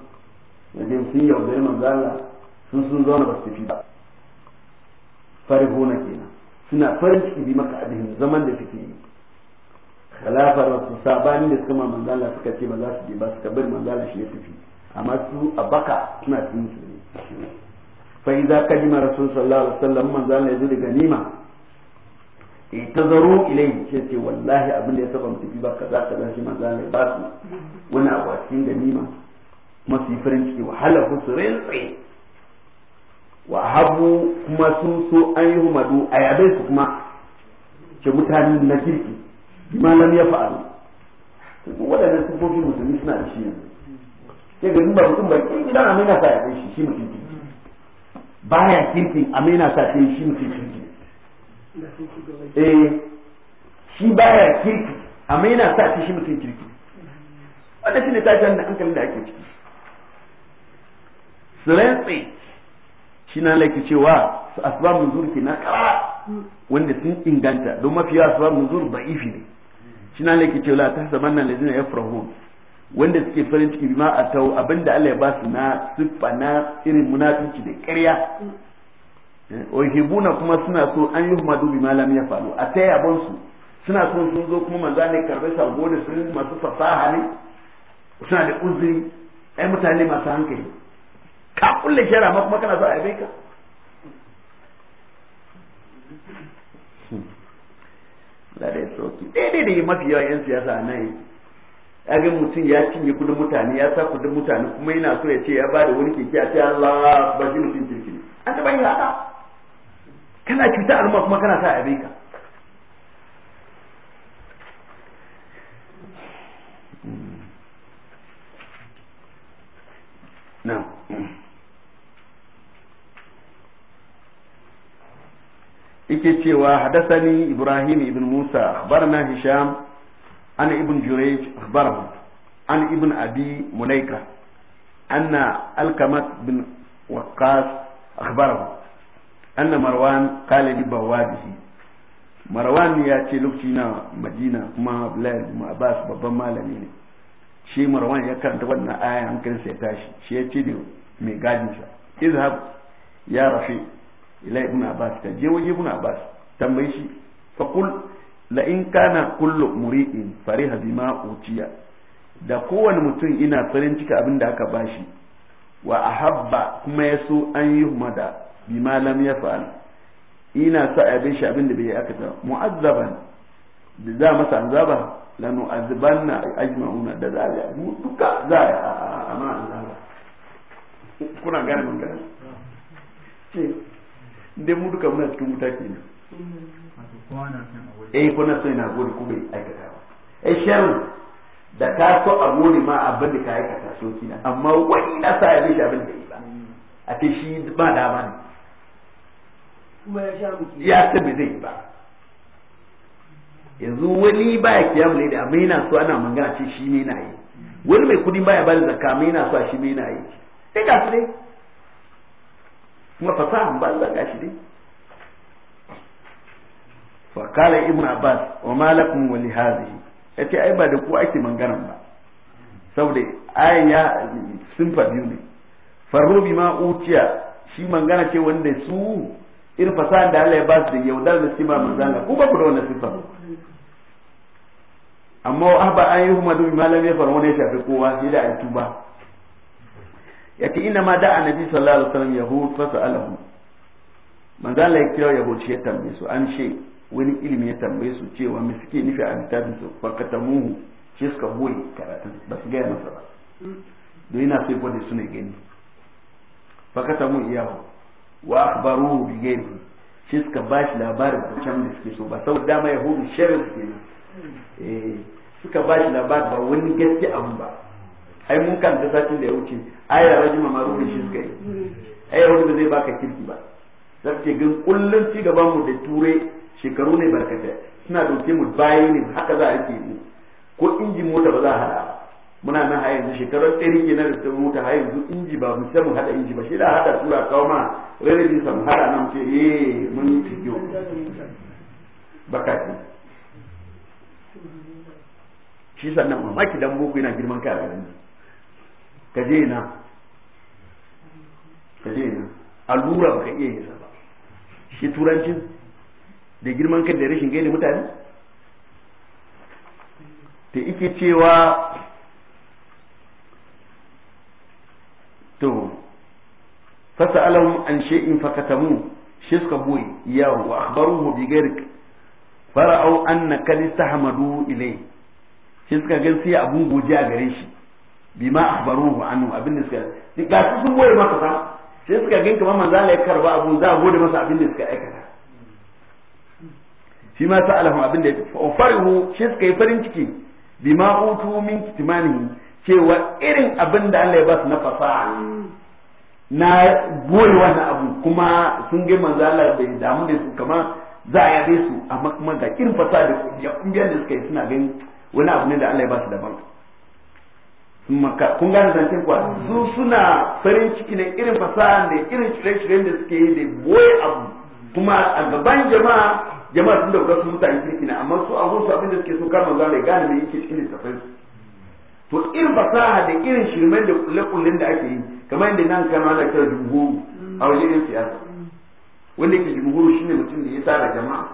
wajen sun yi yaudare manzo Allah sun sun zo na ba su tafi ba faruhu na kenan suna farin ciki bi maqadihi zaman da suke yi khilafar wasu sabani da kuma manzo Allah suka ce ba za su je ba suka bari manzo Allah shi ya tafi amma su a baka suna cikin su ne fa idza kadima rasul sallallahu alaihi wasallam manzo Allah ya zo da ganima zaro ilai ce ce wallahi abin da ya saba mu tafi ba kaza kaza shi maza ne ba su wani abu a cikin ganima masu yi farin ciki wahala ku su rintsi wa habu kuma sun so an yi humadu a yabe su kuma ce mutane na kirki malam ya fa'alu waɗannan sufofi musulmi suna da shi yanzu sai ga zumba mutum ba kin gidan amina sa ya kai shi shi mutum ya kirkin amina sa kai shi mutum kirki eh shi baya kirki amma yana sa shi mutum kirki wannan ta tashin hankalin da ake ciki sirantsi shi na laifin cewa su asbab nuzur ke na kara wanda sun inganta don mafi yawa asbab nuzur da'ifi ne shi na laifin cewa la tahsabanna ya yafrahun wanda suke farin ciki bima atau abinda Allah ya ba su na siffa na irin munafici da ƙarya wahibuna kuma suna so an yi humadu bi malam ya faru a ta yabon su suna so sun zo kuma manzo ne karbe sabo da sun masu fasaha ne suna da uzuri ai mutane masu hankali ka kulle shara ma kuma kana so a yabe ka la dai soki dai mafi yawa yan siyasa nan yaga mutum ya cinye kudin mutane ya sa kudin mutane kuma yana so ya ce ya ba da wani kiki a ce Allah ba shi mutum kirki an taɓa yin haka kana cuta al'umma kuma kana sa a ka نعم yake cewa hadasani ibrahim ibn musa akhbarana hisham an ibn jurayj akhbarahu an ibn abi mulaika anna alkamat bin Waqas akhbarahu anna marwan qala li bawadihi marwan ya ce lokaci na madina kuma abdullahi ibn abbas babban malami ne shi marwan ya karanta wannan ayan hankalin sai tashi shi ya ce da mai gadin izhab ya rafi ila ibn abbas ka je waje ibn abbas tambaye shi fa qul la in kana kullu muri'in fariha bima utiya da kowane mutum ina farin cika abin da aka ba shi wa ahabba kuma ya so an yi da bima lam yaf'al ina sa abin shi abin da bai aka ta mu'azzaban da za masa azaba lanu azbanna ajma'una da za ya mu duka za ya amma azaba kuna gane mun gane ce da mu duka muna cikin wuta ne eh kuna so ina gode ko bai aikata ba eh sharu da ka so a gode ma abin da ka aikata so kina amma wani na sa abin shi abin da yi ba a ce shi ba ba ne ya san me zai yi ba yanzu wani baya kiyam ne da amma yana so ana magana ce shi mai na yi wani mai kudi baya bada zakka mai yana so shi mai na yi sai ga su dai kuma fasaha ba za ga shi dai fa kala ibn abbas wa ma lakum wa li hadhihi yace ai ba da ku ake mangaran ba saboda ayan ya sun fadi ne farro bima utiya shi mangana ce wanda su irin fasahar da Allah ya ba su da yaudar da sima manzana ku ba ku da wannan sifa amma wa ba an yi humadu dubi malam ya faru wani ya shafi kowa sai da ba. tuba yake ina ma da nabi sallallahu alaihi wasallam yahud fa sa'alahu manzo Allah ya kira yahud shi ya tambaye su an ce wani ilimi ya tambaye su cewa me suke nufi a littafin su fakatamuhu shi suka boye karatun ba su gaya masa ba don yana sai ya gwada su ne gani fakatamu iyahu wa akhbaru bi ghairihi shi suka ba shi labarin can da suke so ba saboda dama yahudu sharri suke nan eh suka ba shi labarin ba wani gaske abu ba ai mun kan ta satin da ya wuce ai ya rajima ma rubuce shi suka yi ai yahudu ba zai baka kirki ba sai ce gan kullun ci gaban mu da ture shekaru ne barkatai suna dauke mu bayi ne haka za a ke ko injin mota ba za a hada ba. muna nan har yanzu shekarar ɗari na da ta mutu har yanzu inji ba mu sai mu hada inji ba shi da hada tura kawo ma rarrabi sam hada nan ce eh mun yi fiyo bakati shi sannan mamaki dan boko yana girman kai a garin ka je na ka je na allura baka iya yi ba shi turancin da girman kai da rashin gaida mutane ta ike cewa to fasalahum an shay'in fakatamu shi suka boye iyahu wa akhbaruhu bi ghairi fara'u anna kad istahmadu ilay shi suka ga sai abun goje a gare shi bima akhbaruhu anhu abin da suka ga su sun boye maka fa shi suka ganka ma manzo Allah ya karba abun za a gode masa abin da suka aikata shi ma sa'alahu abin da ya farihu shi suka yi farin ciki bima utu min kitmanihi cewa irin abin da Allah ya ba su na fasaha na goyi wannan abu kuma sun ga manzo Allah bai damu da su kamar za a yabe su amma kuma ga irin fasaha da ya kungiyar da suka yi suna ganin wani abu ne da Allah ya ba su daban kun gane zancen kuwa su suna farin ciki ne irin fasaha da irin shirye-shiryen da suke yi da boye abu kuma a gaban jama'a jama'a sun dauka su mutane kirki ne amma su a su abin da suke so kar manzo Allah ya gane me yake cikin littafin su to irin fasaha da irin shirmen da kullekullin da ake yi kamar yadda nan kama da kira jumhuru a wajen yin siyasa wanda yake jumhuru shine mutum da ya tara jama'a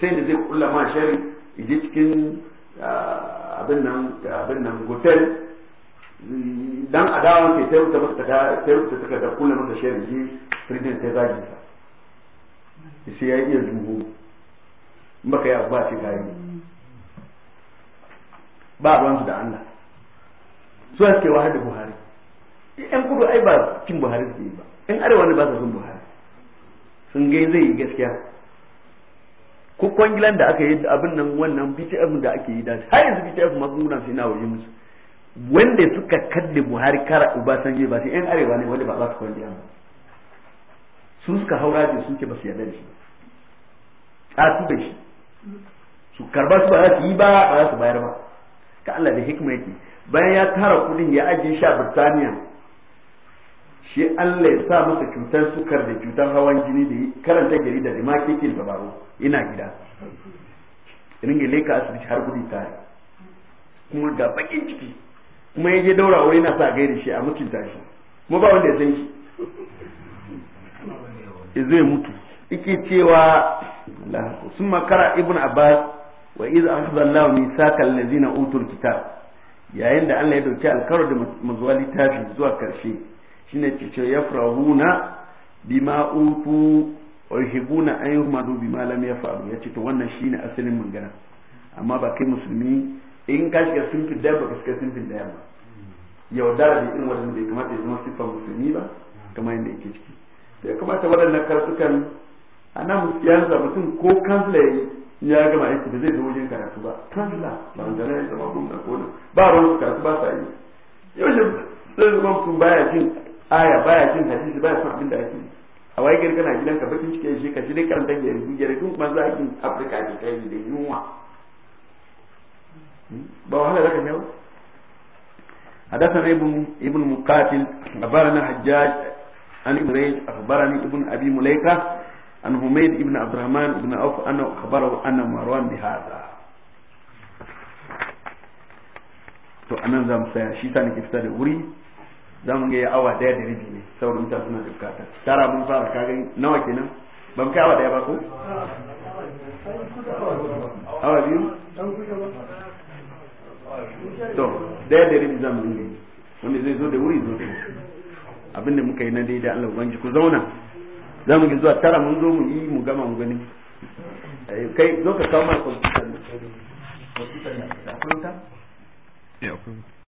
sai da zai kulla ma shari je cikin ah, abin nan abin nan hotel dan adawan sai sai rubuta maka sai rubuta taka da kulla maka shari ji president sai zagi sa sai ya iya jumhuru ba baka yi abu ba shi ka yi ba ruwansu da Allah su suke wahar da buhari yan kudu ai ba cin buhari suke yi ba yan arewa ne ba su cin buhari sun gai zai yi gaskiya ko kwangilan da aka yi da abin nan wannan btf da ake yi da har yanzu btf masu sun sai na waje musu wanda suka kalle buhari kara je ba sai yan arewa ne wanda ba za su kwangilan ba su suka haura da su ke ba su yarda da shi tsatu da shi su karba su ba za su yi ba ba za su bayar ba ka Allah da hikima yake bayan ya tara kudin ya ajiye shi a birtaniya shi allah ya sa masa cutar sukar da cutar hawan jini da karanta gari da ma kekin dabaru ina gida ringa leka asibiti har kudi tare kuma ga bakin ciki kuma ya je daura wuri na sa gaida shi a mutunta shi kuma ba wanda ya san shi zai mutu ike cewa sun makara ibn abbas wa iza akhadha allah mithaqa allazina utul kitab yayin da Allah ya dauki alkaro da mazuwa littafi zuwa karshe shine cece ya farahuna bima utu wa yuhibuna an yuhmadu bima lam yafalu yace to wannan shine asalin magana amma ba kai musulmi in ka shiga sinfin da ba ka shiga sinfin da yamma yaudara da irin wannan bai kamata ya zama siffar musulmi ba kamar yadda yake ciki ya kamata waɗannan karsukan a nan yanzu mutum ko kansila ya yi ya gama aiki da zai zo wajen karatu ba ba kalla manzana ya zama gwamna ko ba a ruwan karatu ba sa yi yaushe zai zama mutum baya jin aya baya jin hadisi baya son abin da ake yi a wai gari kana gidan ka bakin cikin shi ka shi dai karanta gari gari kun kuma za a yi afirka ke kai da yunwa hmm? ba wahala zaka ne حدثنا ابن ابن مقاتل اخبرنا حجاج عن ابن ريس اخبرني ابن ابي مليكه عن حميد ابن عبد الرحمن بن عوف أنه خبره أن مروان بهذا to anan za mu saya shi ta nake fita da wuri za mu ga awa daya da rabi ne saboda mutane suna da bukata tara mun fara ka gani nawa kenan ban kai awa daya ba ko awa biyu to daya da rabi za mu yi wanda zai zo da wuri zo da abinda muka yi na daidai Allah ubangiji ku zauna za mu zuwa tara mun zo mu yi mu gama mu gani eh, kai zo ka kawo mana kwamfuta ne kwamfuta ne akwai wuta? Eh,